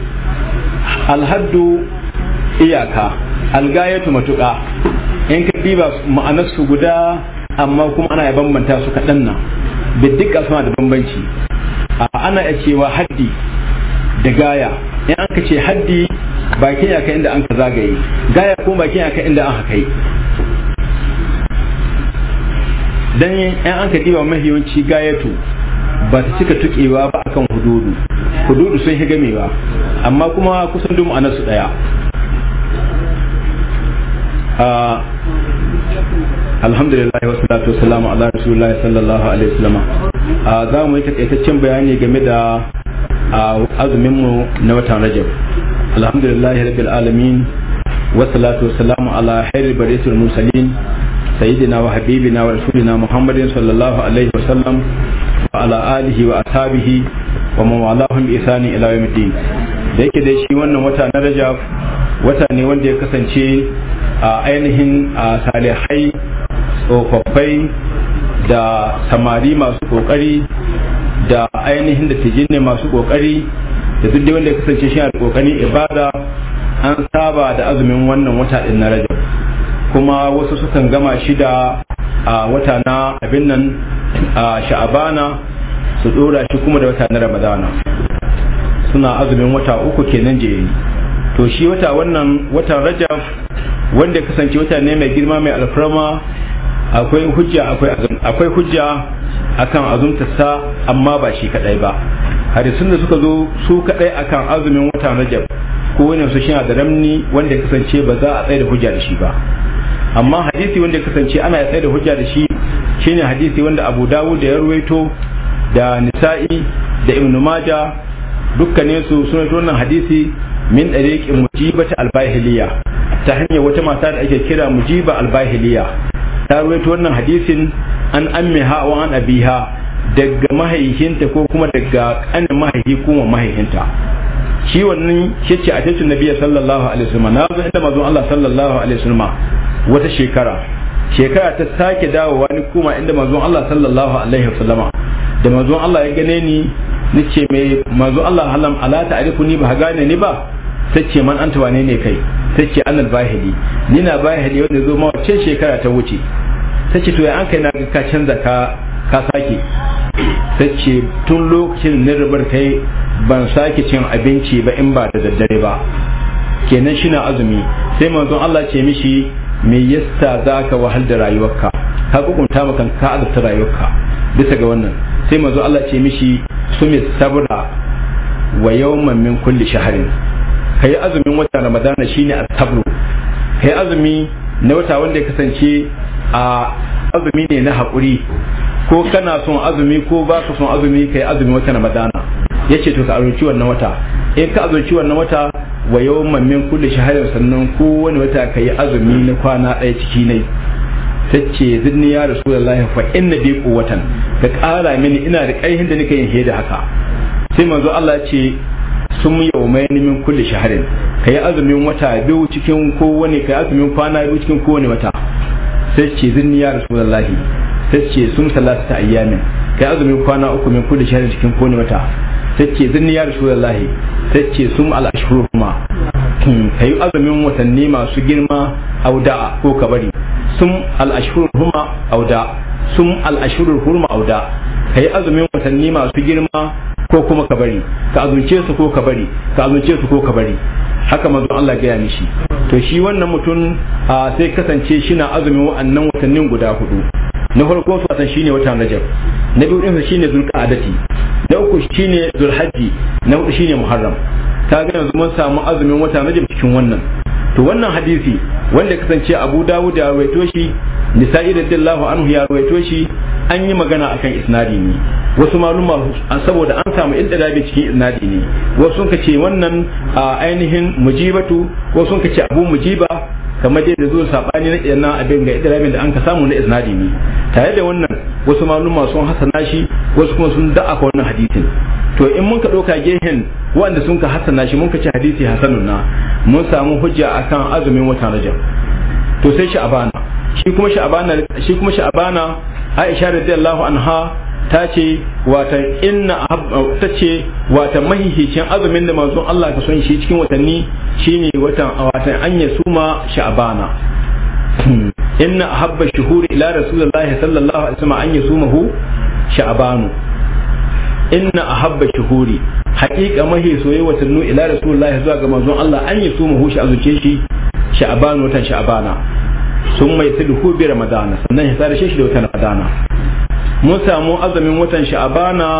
alhaddu iyaka algayatu matuƙa in ka diba ma'anarsu guda amma kuma ana ya bambanta su kaɗan nan duk suna da bambanci ana ya cewa haddi da gaya in an ka ce haddi bakin yaka inda an ka zagaye gaya ko bakin yaka inda an haka yi dan in an ka diba mahiyanci gayatu ba ta cika tukewa ba akan hududu hududu sun mai ba amma kuma kusan duk a su daya alhamdulillah wa salatu wa salamu ala rasulillah sallallahu alaihi wasallam za mu yi takaitaccen bayani game da azumin mu na watan rajab alhamdulillah rabbil alamin wa salatu wa salamu ala khairil bariyatul mursalin wa rasulina muhammadin sallallahu alaihi wasallam wa ala alihi wa ashabihi wa man walahum bi ila yawmiddin da yake dai shi wannan wata na Rajab wata ne wanda ya kasance a ainihin salihai tsofaffai da samari masu kokari da ainihin da tijinne masu kokari da duk da wanda ya kasance shi a kokarin ibada an saba da azumin wannan wata din na Rajab kuma wasu sukan gama shi da wata na abin nan a sha'abana su dora shi kuma da wata na ramadana suna azumin wata uku kenan je to shi wata wannan watan rajab wanda kasance wata ne mai girma mai alfarma akwai hujja akwai akwai hujja akan sa amma ba shi kadai ba hadisun da suka zo su kadai akan azumin watan rajab ko wani su shi da ramni wanda kasance ba za a tsaya da hujja da shi ba amma hadisi wanda kasance ana tsaya da hujja da shi shine hadisi wanda Abu Dawud da ya ruwaito da nisa'i da ibn maja dukkanin su suna wannan hadisi min dariqin mujibata albahiliya ta hanyar wata mata da ake kira mujiba albahiliya ta ruwaito wannan hadisin an ammiha wa an abiha daga mahaihinta ko kuma daga kanin mahaihi kuma mahaihinta shi wannan ce a cikin nabiya sallallahu alaihi wasallam na zo inda mazon Allah sallallahu alaihi wasallam wata shekara shekara ta sake dawowa ni kuma inda mazon Allah sallallahu alaihi wasallam da mazun Allah ya gane ni ce mai mazun Allah halam ala ta'rifu ni ba gane ni ba ce man anta wane ne kai ce annal bahili ni na bahili wanda zo ma wacce shekara ta wuce ce to ya an kai na ka canza ka ka sake ce tun lokacin na rubar kai ban sake cin abinci ba in ba da daddare ba kenan shi na azumi sai manzon Allah ce mishi me yasta zaka wahal da rayuwarka ka kukunta maka ka azabta rayuwarka bisa ga wannan sai manzo Allah ce mishi sumi sabra wa yawman min kulli shahrin kai azumin wata ramadana shine asabru kai azumi na wata wanda ya kasance a azumi ne na haƙuri ko kana son azumi ko ba ka son azumi kai azumi wata ramadana yace to ka azuci wannan wata in ka azuci wannan wata wa yawman min kulli shahrin sannan ko wani wata kai azumi na kwana ɗaya ciki ne tace zinni ya rasulullahi fa inna bi quwwatan ka kara mini ina da ƙarfin da nake yin da haka sai manzo Allah ce sun yawmai ne min kulli shaharin kai azumin wata biyu cikin kowane kai azumin kwana biyu cikin kowane wata sai ce zinni ya rasulullahi sai ce sun salatu ta ayyamin kai azumin kwana uku min kulli shaharin cikin kowane wata sai ce zinni ya rasulullahi sai ce sun al-ashhur hmm, kai azumin watanni masu girma auda ko kabari sun al'ashurul hurma auda sun al'ashurul hurma auda ka yi azumin watanni masu girma ko kuma ka bari ka azumce su ko ka bari ka azumce su ko ka bari haka manzo Allah gaya mishi to shi wannan mutum sai kasance shi na azumin wa'annan watannin guda hudu na farko su watan shine watan rajab na biyu din shine zulqa'adati na uku shine zulhajji na hudu shine muharram ta ga yanzu mun samu azumin watan rajab cikin wannan to wannan hadisi wanda kasance abu dawud ya rawaito shi nisa'i radiyallahu anhu ya rawaito shi an yi magana akan isnadi ne wasu maluma saboda an samu inda iltilabi cikin isnadi ne wasu sun kace wannan ainihin mujibatu wasu sun kace abu mujiba kamar dai da zuwa sabani na abin ga idrabin da an ka samu na isnadi ne tare da wannan wasu malumma sun hasana shi wasu kuma sun aka wannan hadisin to in mun ka ɗauka gehen wanda sun ka hasana shi mun ka ci hadisi hasanun na mun samu hujja akan azumin watan rajab to sai sha'abana shi kuma sha'abana shi kuma sha'abana Aisha radiyallahu anha ta ce wata inna ta ce wata mahihicin azumin da manzon Allah ka son shi cikin watanni shine watan watan anya suma sha'abana hmm. inna habba shuhuri ila rasulullahi sallallahu alaihi wasallam an yasumahu sha'banu inna ahabba shuhuri haqiqa mahi soyayya watannu ila rasulullahi zuwa ga manzon Allah an yi shi azuce shi sha'banu watan sha'bana sun mai sulhu bi ramadana sannan ya sare shi da watan ramadana mun samu azumin watan sha'bana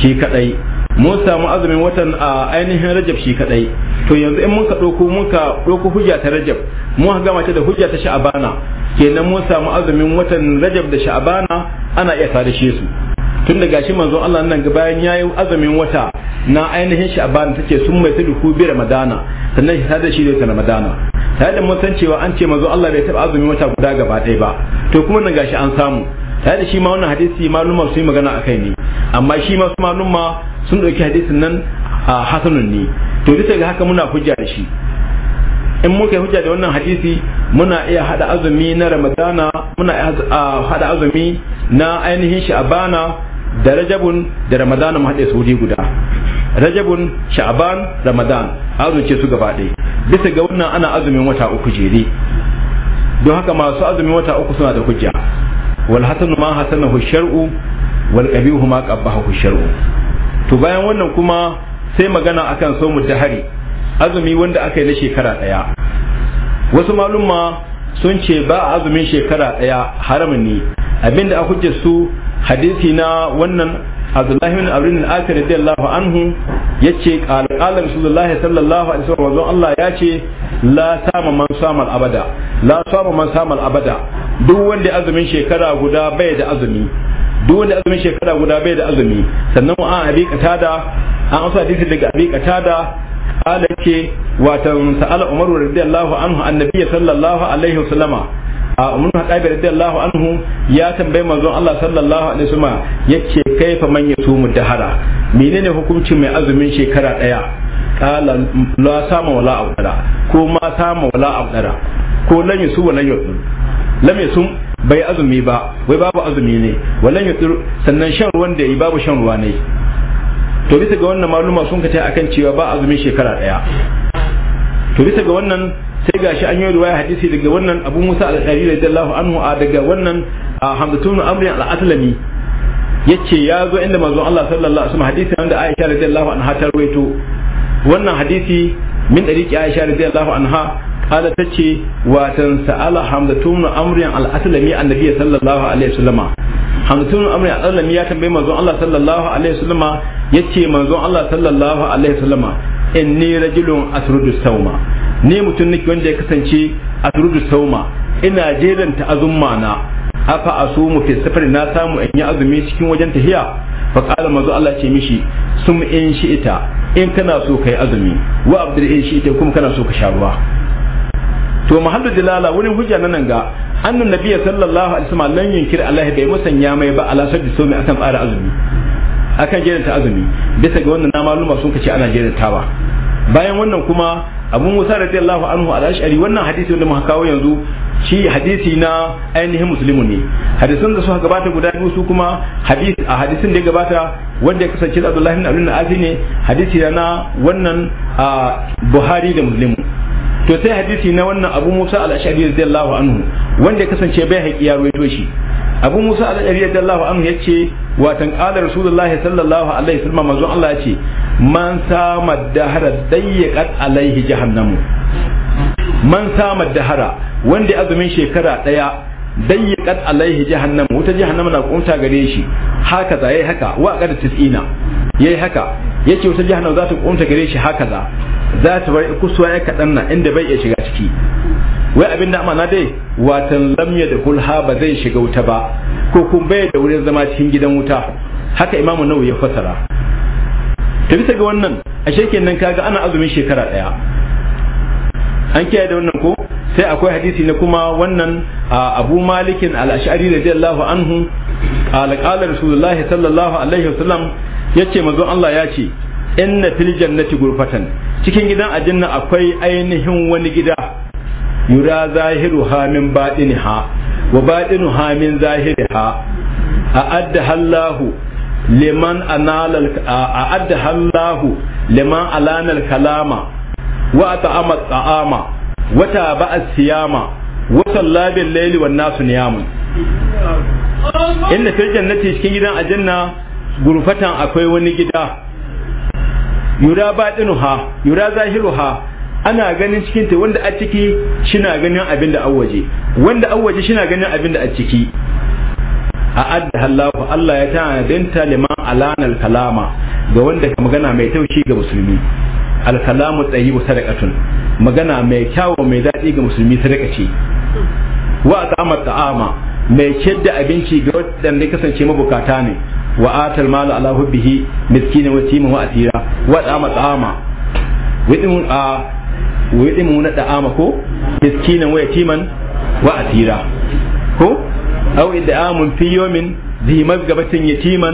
shi kadai mun samu azumin watan a ainihin rajab shi kadai to yanzu in doko mun ka ɗauko hujja ta rajab mun ga mace da hujja ta sha'bana kenan mun samu azumin watan rajab da sha'abana ana iya shi su tun da gashi manzon Allah nan ga bayan yayi azumin wata na ainihin sha'abana take sun mai tudu bi ramadana sannan shi shi da ta ramadana tare da mun san cewa an ce manzon Allah bai taba azumin wata guda gaba ɗaya ba to kuma nan gashi an samu tare da shi ma wannan hadisi maluma su yi magana akai ne amma shi ma maluma sun ɗauki hadisin nan a hasanun ne to duk ga haka muna hujja da shi in muka hujja da wannan hadisi muna iya hada azumi na ramadana muna iya hada azumi na ainihin sha'abana da rajabun da ramadana mu haɗe su wuri guda rajabun sha'aban ramadan azuce su gaba bisa ga wannan ana azumin wata uku jere don haka masu azumin wata uku suna da hujja wal hasan ma hasanahu shar'u wal qabihu ma qabahu shar'u to bayan wannan kuma sai magana akan somu hari. azumi wanda aka yi na shekara ɗaya wasu malumma sun ce ba a azumin shekara ɗaya haramun ne abinda aka hujja su hadisi na wannan abdullahi bin abrin al-akhir radiyallahu anhu yace qala qala rasulullahi sallallahu alaihi wasallam wazon Allah yace la sama man sama al-abada la sama man sama al-abada duk wanda azumin shekara guda bai da azumi duk wanda azumin shekara guda bai da azumi sannan an abi katada an amsa hadisi daga abi katada kala ce watan sa'ala umar radiyallahu anhu annabi sallallahu alaihi wasallama a umar hadabi radiyallahu anhu ya tambayi manzon Allah sallallahu alaihi wasallama yace kaifa man yasumu dahara menene hukuncin mai azumin shekara daya kala la sama wala abdara ko ma sama wala abdara ko lan yusu wala yusu lam yasum bai azumi ba wai babu azumi ne walan yusu sannan shan ruwan da yi babu shan ruwa ne to bisa ga wannan maluma sun kace akan cewa ba azumin shekara daya to bisa ga wannan sai gashi an yi ruwaya hadisi daga wannan Abu Musa al-Qari radiyallahu anhu a daga wannan Hamdatun Amr al-Aslami yace ya zo inda manzo Allah sallallahu alaihi wasallam hadisi wanda Aisha radiyallahu anha ta rawaito wannan hadisi min dariqi Aisha radiyallahu anha kala tace watan sa'ala Hamdatun Amr al-Aslami annabi sallallahu alaihi wasallama hamsin amri a tsallami ya tambayi manzon Allah sallallahu alaihi wasallama yace manzon Allah sallallahu alaihi wasallama inni rajulun asrudu sauma ni mutum nake wanda ya kasance asrudu sauma ina jeranta azumma na afa mu fi safari na samu in yi azumi cikin wajen tahiya fa qala manzo Allah ce mishi sum in shi'ita in kana so kai azumi wa abdul in shi'ita kuma kana so ka sha ruwa to mahallu dilala wani hujja nan ga annan nabiyya sallallahu alaihi wasallam lan yinkir Allah bai musanya mai ba ala sabbi so mai akan fara azumi akan ta azumi bisa ga wannan na maluma sun kace ana ba bayan wannan kuma abu musa radiyallahu anhu al-ash'ari wannan hadisi wanda muka kawo yanzu shi hadisi na ainihin muslimu ne hadisin da suka gabata guda biyu su kuma hadis a hadisin da ya gabata wanda ya kasance da Abdullahi ibn Abdul Aziz ne hadisi na wannan Buhari da Muslim to sai hadisi na wannan abu musa al-ashari radiyallahu anhu wanda ya kasance bai haƙi ya ruwaito shi abu musa al-ashari radiyallahu anhu yace watan qala rasulullah sallallahu alaihi wasallam manzon Allah yace man sama dahara dayyaqat alaihi jahannam man sama dahara wanda azumin shekara daya dayyaqat alaihi jahannam wata jahannam na kunta gare shi haka za yayi haka wa qad tis'ina yayi haka yace wata jahannam za ta kunta gare shi haka za za ta bar kusuwa ya kaɗan na inda bai iya shiga ciki wai abin da amana dai watan lamya da kulha ba zai shiga wuta ba ko kuma bai da wurin zama cikin gidan wuta haka imamu nawawi ya fasara ta bisa ga wannan a shekenan kaga ana azumin shekara ɗaya an kiyaye da wannan ko sai akwai hadisi na kuma wannan abu malikin al-ash'ari radiyallahu anhu qala qala rasulullahi sallallahu alaihi wasallam yace manzon Allah ya ce inna fil jannati ghurfatan cikin gidan ajinna akwai ainihin wani gida yura zahiru ha min baɗiniha wa baɗinu ha min zahiriha a adda hallahu liman analal a adda hallahu liman alanal kalama wa ta'ama ta'ama wa taba'a siyama wa sallabil layli wan nasu niyamun inna fil jannati cikin gidan ajinna gurfatan akwai wani gida yura baɗinuha yura zahiruha ana ganin cikin ta wanda a ciki shina ganin abin da awaje wanda awaje shina ganin abin da a ciki a adda Allah Allah ya Taliman liman alanal kalama ga wanda ka magana mai taushi ga musulmi al kalamu tayyibu sadaqatun magana mai kyawu mai dadi ga musulmi sadaka ce wa ta'ama ta'ama mai kyadda abinci ga waɗanda kasance mabukata ne wa atal malu ala hubbihi miskina wa tima wa atira wa dama dama widimun a na da'ama ko miskina wa yatiman wa atira ko aw id'amun fi yawmin ذي مزقبة يتيما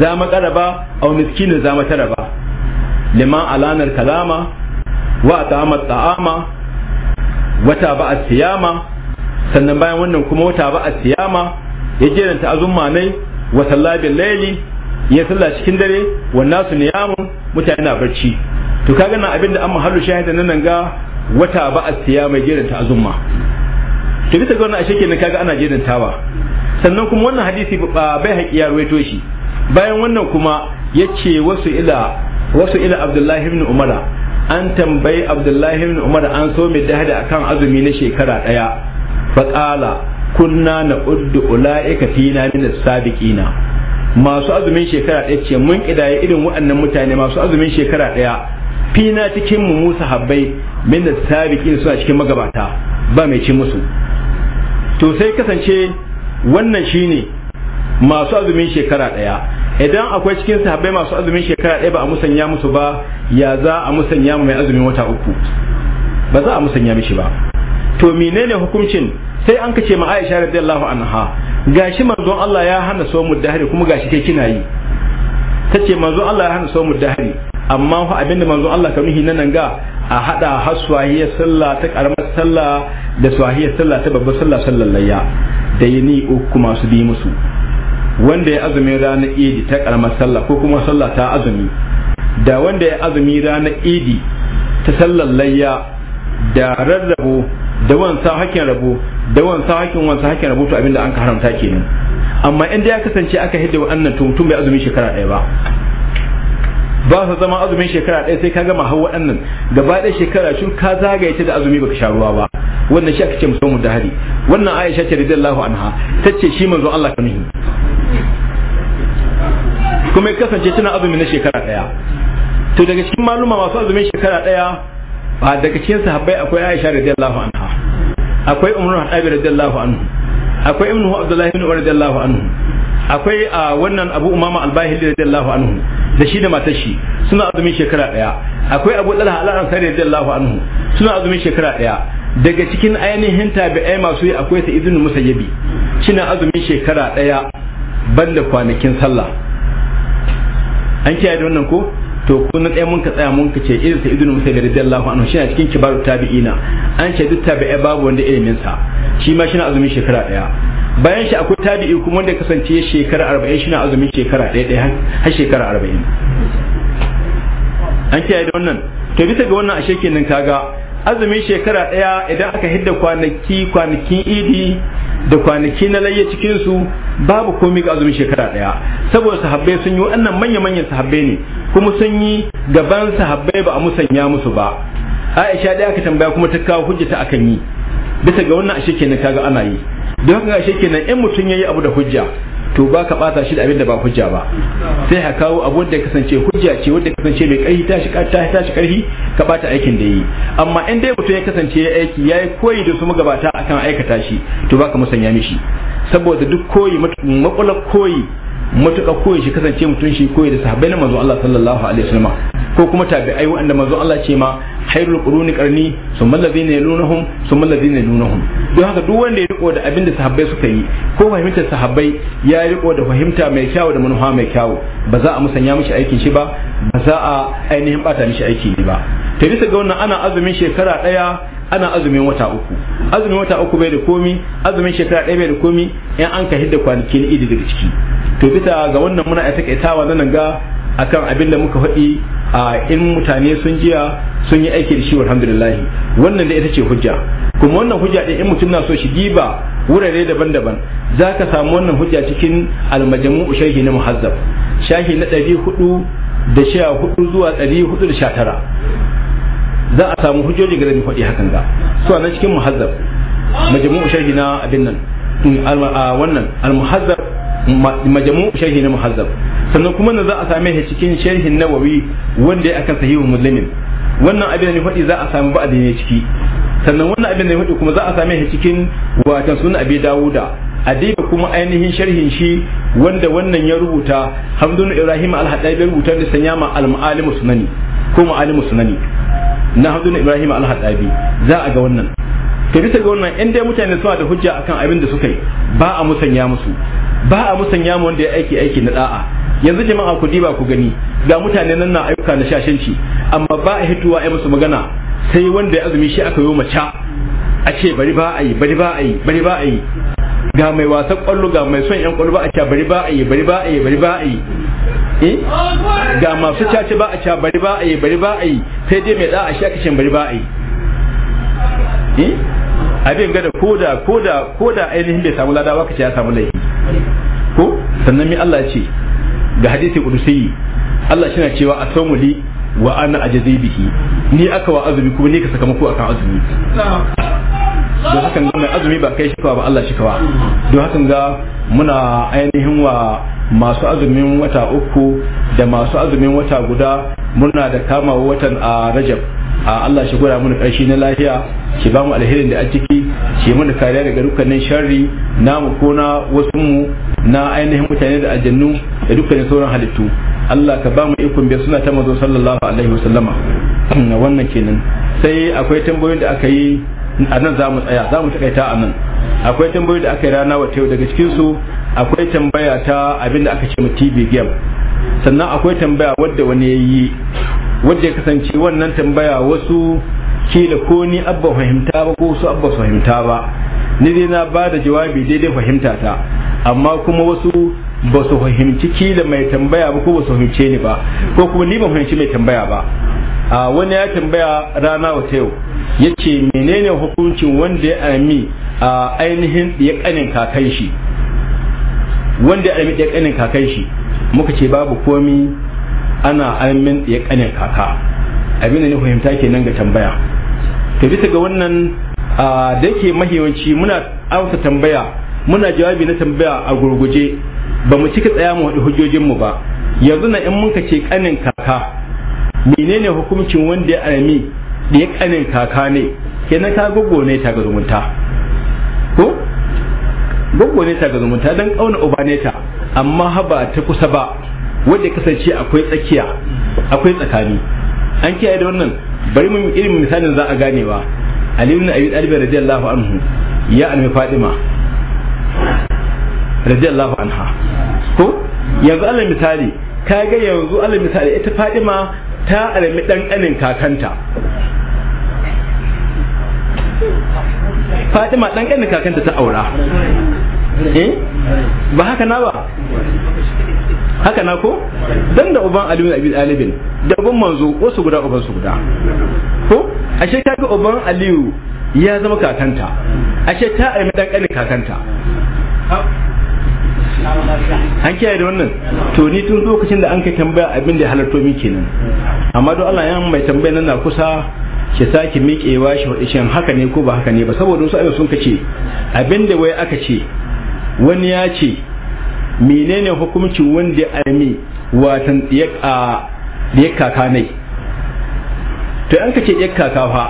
ذا مقربة za مسكين ذا متربة لما ألان الكلام وأطعم الطعام وتابع الصيام sannan bayan wannan kuma wata ba a siyama ya jeranta azumma ne wa salla ya salla cikin dare wa nasu niyamun mutane na barci to kaga nan abinda an mahallu shahida nan ga wata ba asiya mai jiran ta azumma to bisa ga wannan ashe kenan kaga ana jerin tawa sannan kuma wannan hadisi ba bai haƙi ya ruwaito shi bayan wannan kuma yace wasu ila wasu ila abdullahi ibn umara an tambayi abdullahi ibn umar an so mai dahada akan azumi na shekara ɗaya faqala kunna na uddu ula'ika fina min sabiqina masu azumin shekara ɗaya ce mun kidaye irin waɗannan mutane masu azumin shekara ɗaya fina cikin mu musa habbai min sabiqina suna cikin magabata ba mai ci musu to sai kasance wannan shine masu azumin shekara ɗaya idan akwai cikin sahabbai masu azumin shekara ɗaya ba a musanya musu ba ya za a musanya mai azumin wata uku ba za a musanya mishi ba to menene hukuncin sai an kace ma Aisha radiyallahu anha gashi manzon Allah ya hana so mu dahari kuma gashi kai kina yi tace manzon Allah ya hana so mu dahari amma fa abinda manzon Allah ka nuhi nan ga a hada har sallah ta karamar sallah da suwahiyar sallah ta babbar sallah sallallayya da yini uku masu bi musu wanda ya azumi ranar idi ta karamar sallah ko kuma sallah ta azumi da wanda ya azumi ranar idi ta sallallayya da rarrabo da wansa hakin rabo da wansa hakin wansa hakin rabo to abinda an ka haramta kenan amma inda ya kasance aka hidda wannan to mutum bai azumin shekara ɗaya ba ba sa zama azumin shekara ɗaya sai ka gama hau waɗannan gaba ɗaya shekara shi ka zagaye ta da azumi baka sha ruwa ba wannan shi aka ce musamman da hari wannan aisha ce radiyallahu anha tace shi manzo Allah ka nuhi kuma ya kasance tana azumi na shekara ɗaya to daga cikin maluma masu azumin shekara ɗaya daga cikin sahabbai akwai aisha radiyallahu anha akwai umar hadabi radiyallahu anhu akwai ibnu abdullahi ibn umar radiyallahu anhu akwai ah, wannan abu umama albahili radiyallahu anhu da shi da matar shi suna azumin shekara daya akwai abu dalha al ansari radiyallahu anhu suna azumin shekara daya daga cikin ainihin tabi'ai masu yi akwai sa ibn musayyibi shina azumin shekara daya banda kwanakin sallah an kiyaye da wannan ko to kun ɗaya mun ka tsaya mun ka ce irin musa gari musayyib radiyallahu anhu shi na cikin kibaru tabi'ina an ce duk tabi'ai babu wanda ilimin sa shi ma shi na azumin shekara daya bayan shi akwai tabi'i kuma wanda ya kasance shekara arba'in shi na azumin shekara daya daya har shekara arba'in. an kiyaye da wannan to bisa ga wannan ashe kenan kaga azumin shekara daya idan aka hidda kwanaki kwanakin idi da kwanaki na layya cikinsu babu komi ga azumin shekara daya saboda sahabbai sun yi waɗannan manya-manyan sahabbai ne kuma sun yi gaban sahabbai ba a musanya musu ba aisha dai aka tambaya kuma ta kawo hujjata akan yi bisa ga wannan ashe kenan kaga ana yi don haka ashe kenan in mutum yayi abu da hujja to ba ka bata shi da abin da ba hujja ba sai ka kawo abu da kasance hujja ce wanda kasance mai karfi tashi ta tashi karfi ka bata aikin da yi amma in dai mutum ya kasance ya aiki yayi koyi da su magabata akan aikata shi to ba ka musanya mishi saboda duk koyi makulan koyi matuƙa koyi shi kasance mutum shi koyi da sahabbai na manzo Allah sallallahu alaihi wasallam ko kuma tabi'ai wanda manzo Allah ce ma khairul quruni qarni summa alladhina yalunhum summa alladhina yalunhum don haka duk wanda ya riko da abin da sahabbai suka yi ko fahimtar sahabbai ya riko da fahimta mai kyau da manufa mai kyau ba za a musanya mishi aikin shi ba ba za a ainihin bata mishi aiki ba ta bisa ga wannan ana azumin shekara ɗaya ana azumin wata uku azumin wata uku bai da komi azumin shekara ɗaya bai da komi in an ka hidda kwanaki na idi daga ciki to bisa ga wannan muna ta kaitawa nan ga akan abin da muka faɗi a in mutane sun jiya sun yi aiki da shi alhamdulillah wannan da ita ce hujja kuma wannan hujja ɗin in mutum na so shi diba wurare daban-daban za ka samu wannan hujja cikin almajamu'u shahi na muhazzab shahi na ɗari hudu da sha hudu zuwa ɗari hudu da sha tara za a samu hujjoji ga ni faɗi hakan ga su a nan cikin muhazzab majamu sharhi na abin nan wannan al-muhazzab majmu'u na muhazzab sannan kuma na za a same shi cikin sharhin nawawi wanda ya akan sahihu muslimin wannan abin ne faɗi za a samu da ne ciki sannan wannan abin ne faɗi kuma za a same shi cikin watan sunan abi dawuda adiba kuma ainihin sharhin shi wanda wannan ya rubuta hamdun ibrahim al-hadabi rubuta da sanyama al-ma'alim sunani ko ma'alimu sunani na na ibrahim alhadabi za a ga wannan Ka bisa ga wannan in dai mutane suna da hujja akan abin da suka yi ba a musanya musu ba a musanya mu wanda ya aiki aiki na da'a yanzu jama'a ku diba ku gani ga mutane nan na ayyuka na shashanci amma ba a hituwa ai musu magana sai wanda ya azumi shi aka yi mace a ce bari ba a yi bari ba a yi bari ba a yi ga mai wasan kwallo ga mai son yan kwallo ba a ce bari ba a yi bari ba a yi bari ba a yi ga masu caci ba a ca bari ba a yi bari ba a yi sai dai mai da a sha kashin bari ba a yi eh? abin gada koda koda koda ainihin bai samu ladawa kace ya samu laifi ko sannan mi Allah ce ga hadisi kudusi Allah shi na cewa a saumu li wa ana ajazi ni aka wa azumi kuma ni ka sakamako akan azumi don hakan ga mai azumi ba kai shikawa ba Allah shikawa don hakan ga muna ainihin wa masu azumin wata uku da masu azumin wata guda muna da kama watan a rajab a Allah shi gura mana karshe na lafiya shi ba mu alherin da a ciki shi mana kariya daga dukkanin sharri namu ko na wasu mu na ainihin mutane da aljannu da dukkanin sauran halittu Allah ka ba mu ikon biya suna ta mazo sallallahu alaihi wasallama wannan kenan sai akwai tambayoyin da aka yi a nan za mu tsaya za mu takaita a nan akwai tambayoyi da aka yi rana wata yau daga cikinsu akwai tambaya ta abin da aka ce mu tv game sannan akwai tambaya wadda wani ya yi wadda ya kasance wannan tambaya wasu kila ko ni abba fahimta ba ko su abba fahimta ba ni dai na ba da jawabi daidai fahimta ta amma kuma wasu ba su fahimci kila mai tambaya ba ko ba su fahimce ni ba ko kuma ni ban fahimci mai tambaya ba a wani ya tambaya rana wata yau ya ce menene hukuncin wanda ya ami a ainihin ya kanin kakan shi wanda ya ami ya kanin kakan shi muka ce babu komi ana amin ya kanin kaka abin da ni fahimta nan ga tambaya ta bisa ga wannan da ke mahiwanci muna auta tambaya muna jawabi na tambaya a gurguje ba mu cika tsaya mu hujjojinmu ba yanzu na in muka ce kanin kaka menene hukuncin wanda ya armi da ya kanin kaka ne kenan ka gogo ne ta ga zumunta ko gogo ne ta ga zumunta dan kauna uba ne ta amma haba ta kusa ba wanda kasance akwai tsakiya akwai tsakani an kiyaye da wannan bari mu irin misalin za a gane ba, Ali ibn Abi Talib radiyallahu anhu ya almi Fatima radiyallahu anha ko yanzu Allah misali kaga yanzu Allah misali ita Fatima ta almi ɗanɗanin kakanta fatima ɗanɗanin kakanta ta aura eh? ba haka na ba haka na ko dan da uban aliyu abi talibin da uban manzo wasu guda uban su guda ko ashe kaga uban aliyu ya zama kakanta ashe ta aimi dan kanin kakanta an kiyaye da wannan to ni tun lokacin da an kai tambaya abin da halarto min kenan amma don Allah yan mai tambaya nan na kusa ki sake miƙewa shi hudu shin haka ne ko ba haka ne ba saboda wasu ayyukan sun kace abin da wai aka ce wani ya ce menene hukuncin wanda ya mi watan ya kaka ne to an kace ya kaka fa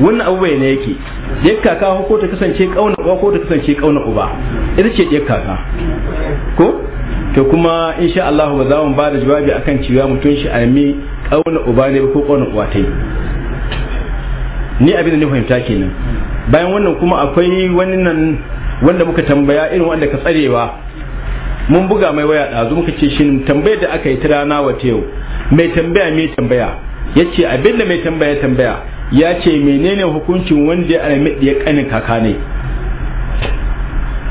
wannan abu bai ne yake ɗiyar kaka ko ta kasance ƙauna uwa ko ta kasance ƙauna uba ita ce ɗiyar kaka ko to kuma insha Allah ba za mu ba da jawabi akan cewa mutun shi almi ƙauna uba ne ko ƙauna uwa ta yi ni abin da ni fahimta kenan bayan wannan kuma akwai wani nan wanda muka tambaya irin wanda ka tsarewa mun buga mai waya ɗazu muka ce shin tambayar da aka yi ta wa wata yau mai tambaya mai tambaya ya ce abin da mai tambaya tambaya ya ce menene hukuncin wanda ya alami ya kanin kaka ne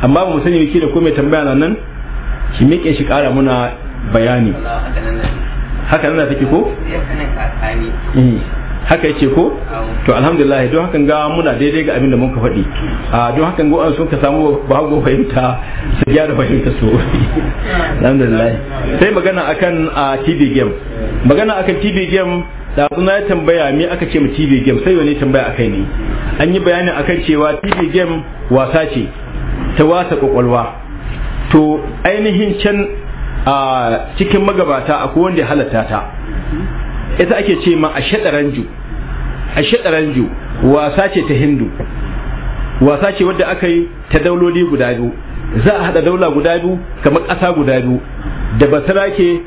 amma ba mu sani ne da kome tambaya na nan shi miƙe shi ƙara muna bayani haka nan take ko mm. haka yake ko to alhamdulillah don hakan ga muna daidai ga abin da muka faɗi a don hakan go an sun ka samu bago fahimta su gyara fahimta su alhamdulillah sai magana akan a TV game magana akan TV game da ya tambaya me aka ce mu TV game sai wani tambaya akai ne an yi bayani akan cewa TV game wasa ce ta wasa kwakwalwa to ainihin can a cikin magabata akwai wanda halatta ta ita ake ce ma a ashadaranju wasa ce ta hindu wasa ce wadda aka yi ta dauloli guda biyu za a hada daula guda biyu kamar ƙasa guda biyu da basarake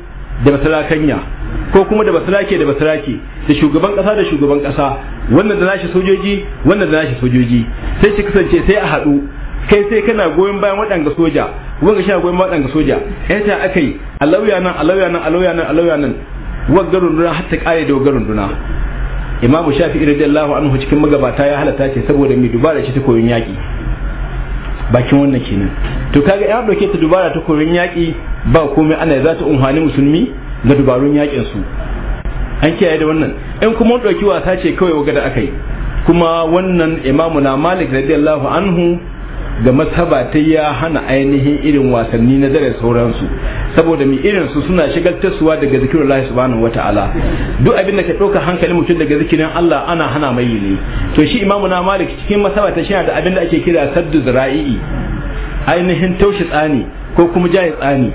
da basarakanya ko kuma da basirake da basirake da shugaban kasa da shugaban kasa wannan da nashi sojoji wannan da nashi sojoji sai shi kasance sai a haɗu kai sai kana goyon bayan waɗanga soja wanga shi goyon bayan waɗanga soja yan ta yi alauya nan alauya nan alauya nan alauya nan wagga runduna har ta kare da wagga runduna imamu shafi'i radiyallahu anhu cikin magabata ya halatta ce saboda mai dubara ce ta koyon yaƙi bakin wannan kenan to kaga ya dauke ta dubara ta koyon yaƙi ba komai ana za ta umhani musulmi da dubarun yakin su an kiyaye da wannan in kuma dauki wasa ce kawai waga da aka yi kuma wannan imamu na malik radiyallahu anhu ga masaba ta ya hana ainihin irin wasanni na dare sauransu saboda mi irin su suna shigaltarsuwa daga zikirin Allah subhanahu wata'ala duk abin da ka ɗauka hankali mutum daga zikirin Allah ana hana mai ne to shi imamu na malik cikin masaba ta shiya da abin da ake kira saddu zira'i ainihin taushe tsani ko kuma jahi tsani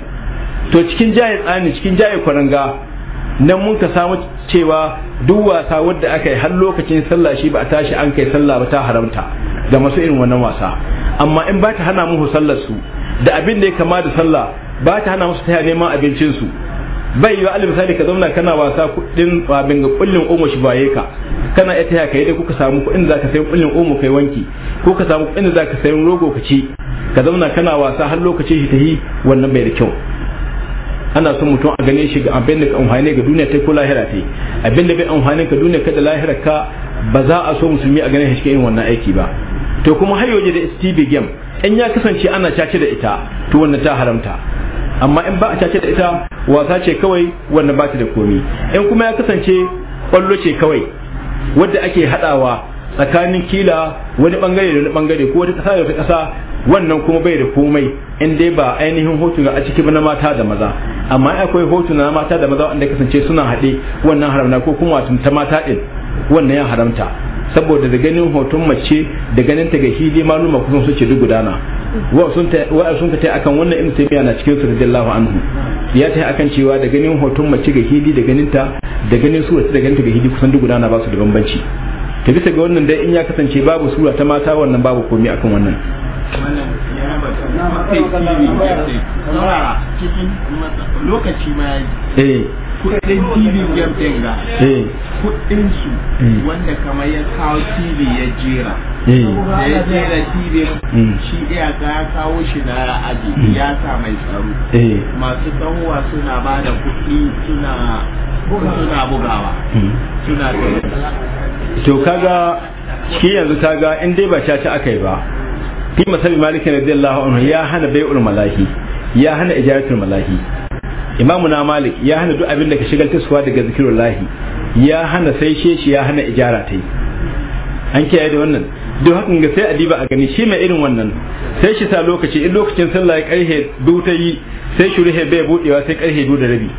to cikin jayin tsani cikin jayin kwaranga nan mun ka samu cewa duk wasa wadda aka yi har lokacin sallah shi ba a tashi an kai sallah ba ta haramta Da masu irin wannan wasa amma in ba ta hana musu sallar su da abin da ya kama da sallah ba ta hana musu ta neman abincin su bai yi alim misali ka zauna kana wasa kudin babin ga kullin omo shi baye ka kana ita ya kai da kuka samu kudin zaka sayi kullin omo kai wanki ko ka samu kudin zaka sayi rogo ka ci ka zauna kana wasa har lokacin shi yi wannan bai da kyau ana son mutum a gane shi ga abin da amfani ga duniya ta ko lahira ta abin da bai amfani ka duniya kada lahira ka ba za a so musulmi a gane shi yin wannan aiki ba to kuma har yauje da STB game in ya kasance ana cace da ita to wannan ta haramta amma in ba a cace da ita wasa ce kawai wannan ba ta da komi in kuma ya kasance kwallo ce kawai wadda ake hadawa tsakanin kila wani bangare da wani bangare ko wata kasa da wata kasa wannan kuma bai da komai in dai ba ainihin hotuna a ciki na mata da maza amma akwai hotuna na mata da maza wanda kasance suna haɗe wannan haramta ko kuma ta mata din wannan ya haramta saboda da ganin hoton mace da ganin ta ga ma nuna kusan su ce duk gudana wa sun ta akan wannan ibn taymiya na cikin su radiyallahu anhu ya ta akan cewa da ganin hoton mace ga hili da ganin ta da ganin su da ganin ta ga hili kusan duk gudana ba su da bambanci ta bisa ga wannan dai in ya kasance babu sura ta mata wannan babu komai akan wannan lokaci ma ya yi eh. kudin tv game ga eh. kudin su eh. wanda kamar ya kawo tv ya jera da ya jera tv shi iya ya kawo shi na aji ya sa mai tsaro masu tsawowa suna ba da kudi suna suna bugawa hmm. suna to kaga shi yanzu kaga in dai ba ta ci aka yi ba fi masabi malik radiyallahu anhu ya hana bai'ul malahi ya hana ijaratul malahi imamu na malik ya hana duk abin da ka shigar suwa daga zikirul lahi ya hana sai shi ya hana ijara ta yi an kiyaye da wannan duk hakan ga sai adiba a gani shi mai irin wannan sai shi sa lokaci in lokacin sallah ya karhe biyu ta yi sai shi ruhe bai budewa sai karhe biyu da rabi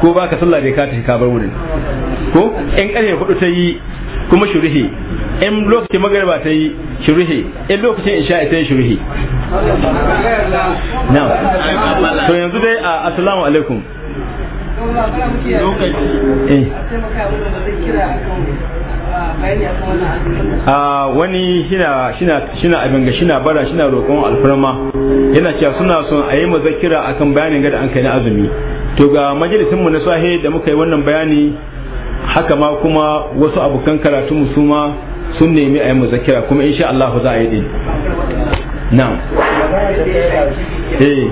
ko baka sallah da ka tafi ka bar wurin ko in karhe hudu ta yi kuma shurihi in lokacin magariba ta yi shurihi in lokacin isha ta yi shurihi to yanzu dai a asalamu alaikum eh. wani shina abin ga shina bara shina roƙon alfarma yana cewa suna son a yi mazakira akan bayanin gada an kai na azumi to ga majalisinmu na sahe da muka yi wannan bayani haka ma kuma wasu abokan karatu musuma sun nemi a yi muzakira kuma insha Allah za a yi din na'am eh.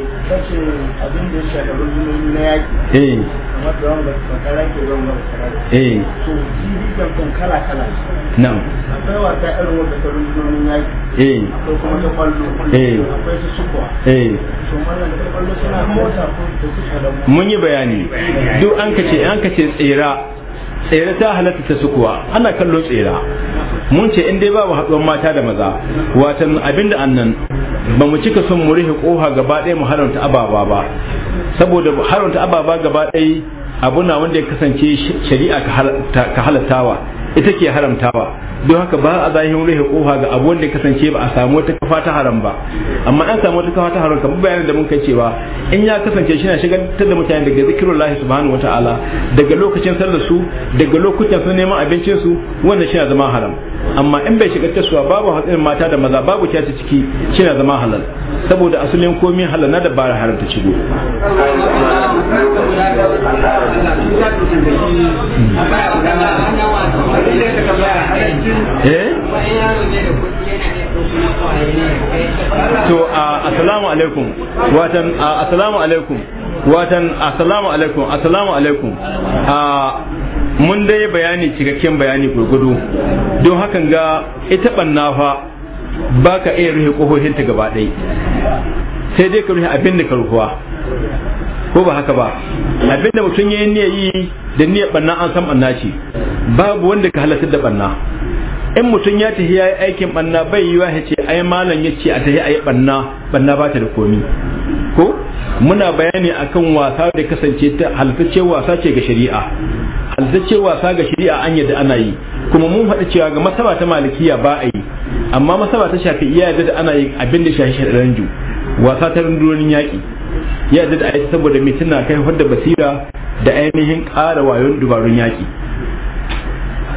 Eh. Eh. mun yi bayani duk an ka ce tsira tsere ta halatta ta su kuwa ana kallo tsere mun ce in dai babu haɗuwar mata da maza watan abinda annan ba mu cika son mu rufe koha gaba ɗaya mu haramta ababa ba saboda haramta ababa gaba ɗaya abu na wanda ya kasance shari'a ka halattawa ita ke haramtawa don haka ba a zahirin rai kofa ga abu wanda kasance ba a samu wata kafa ta haram ba amma an samu wata kafa ta haram kamar bayanin da mun kai cewa in ya kasance shi na shigar da mutane daga zikirullahi subhanahu wataala daga lokacin sallar su daga lokutan su neman abincin su wannan shi na zama haram amma in bai shiga tasuwa babu hatsin mata da maza babu kyaci ciki shi na zama halal saboda asalin komi halal na da bara haramta cigo eh to assalamu alaikum watan assalamu alaikum watan assalamu alaikum assalamu alaikum mun dai bayani cikakken bayani gurgudu don hakan ga ita banna fa ba ka iya rufe ƙofofinta gaba ɗai sai dai ka rufe abin da ka rufuwa ko ba haka ba abin da mutum ya yi niyya yi da niyyar banna an san banna ce babu wanda ka halatar da banna in mutum ya tafi ya yi aikin banna bai yi wa ce ai malam ya ce a tafi a yi banna banna ba ta da komi ko muna bayani akan wasa da kasance ta halittacce wasa ce ga shari'a halittacce wasa ga shari'a an yadda ana yi kuma mun faɗi cewa ga masaba ta malikiya ba a yi amma masaba ta shafi iya yadda ana yi abin da shafi ju wasa ta rundunonin yaki yadda da yi saboda mai tana kai da basira da ainihin ƙara wayon dubarun yaki. na'am na'am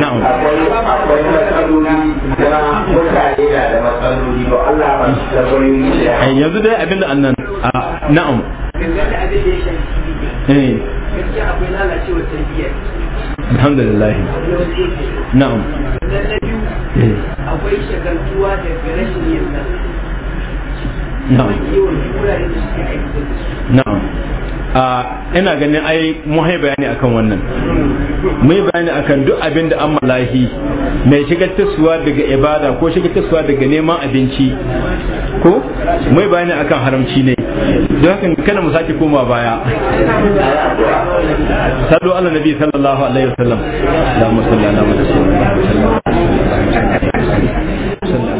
na'am yanzu dai abinda annan na'am eh alhamdulillah na'am eh. akwai shagaltuwa da rashin yin na'am na'am ina ganin ai mun hai bayani akan wannan mu yi bayani akan duk abin da an malahi mai shiga tasuwa daga ibada ko shiga tasuwa daga neman abinci ko mu yi bayani akan haramci ne don haka kana mu sake koma baya sallu ala nabi sallallahu alaihi wasallam da musalla da musalla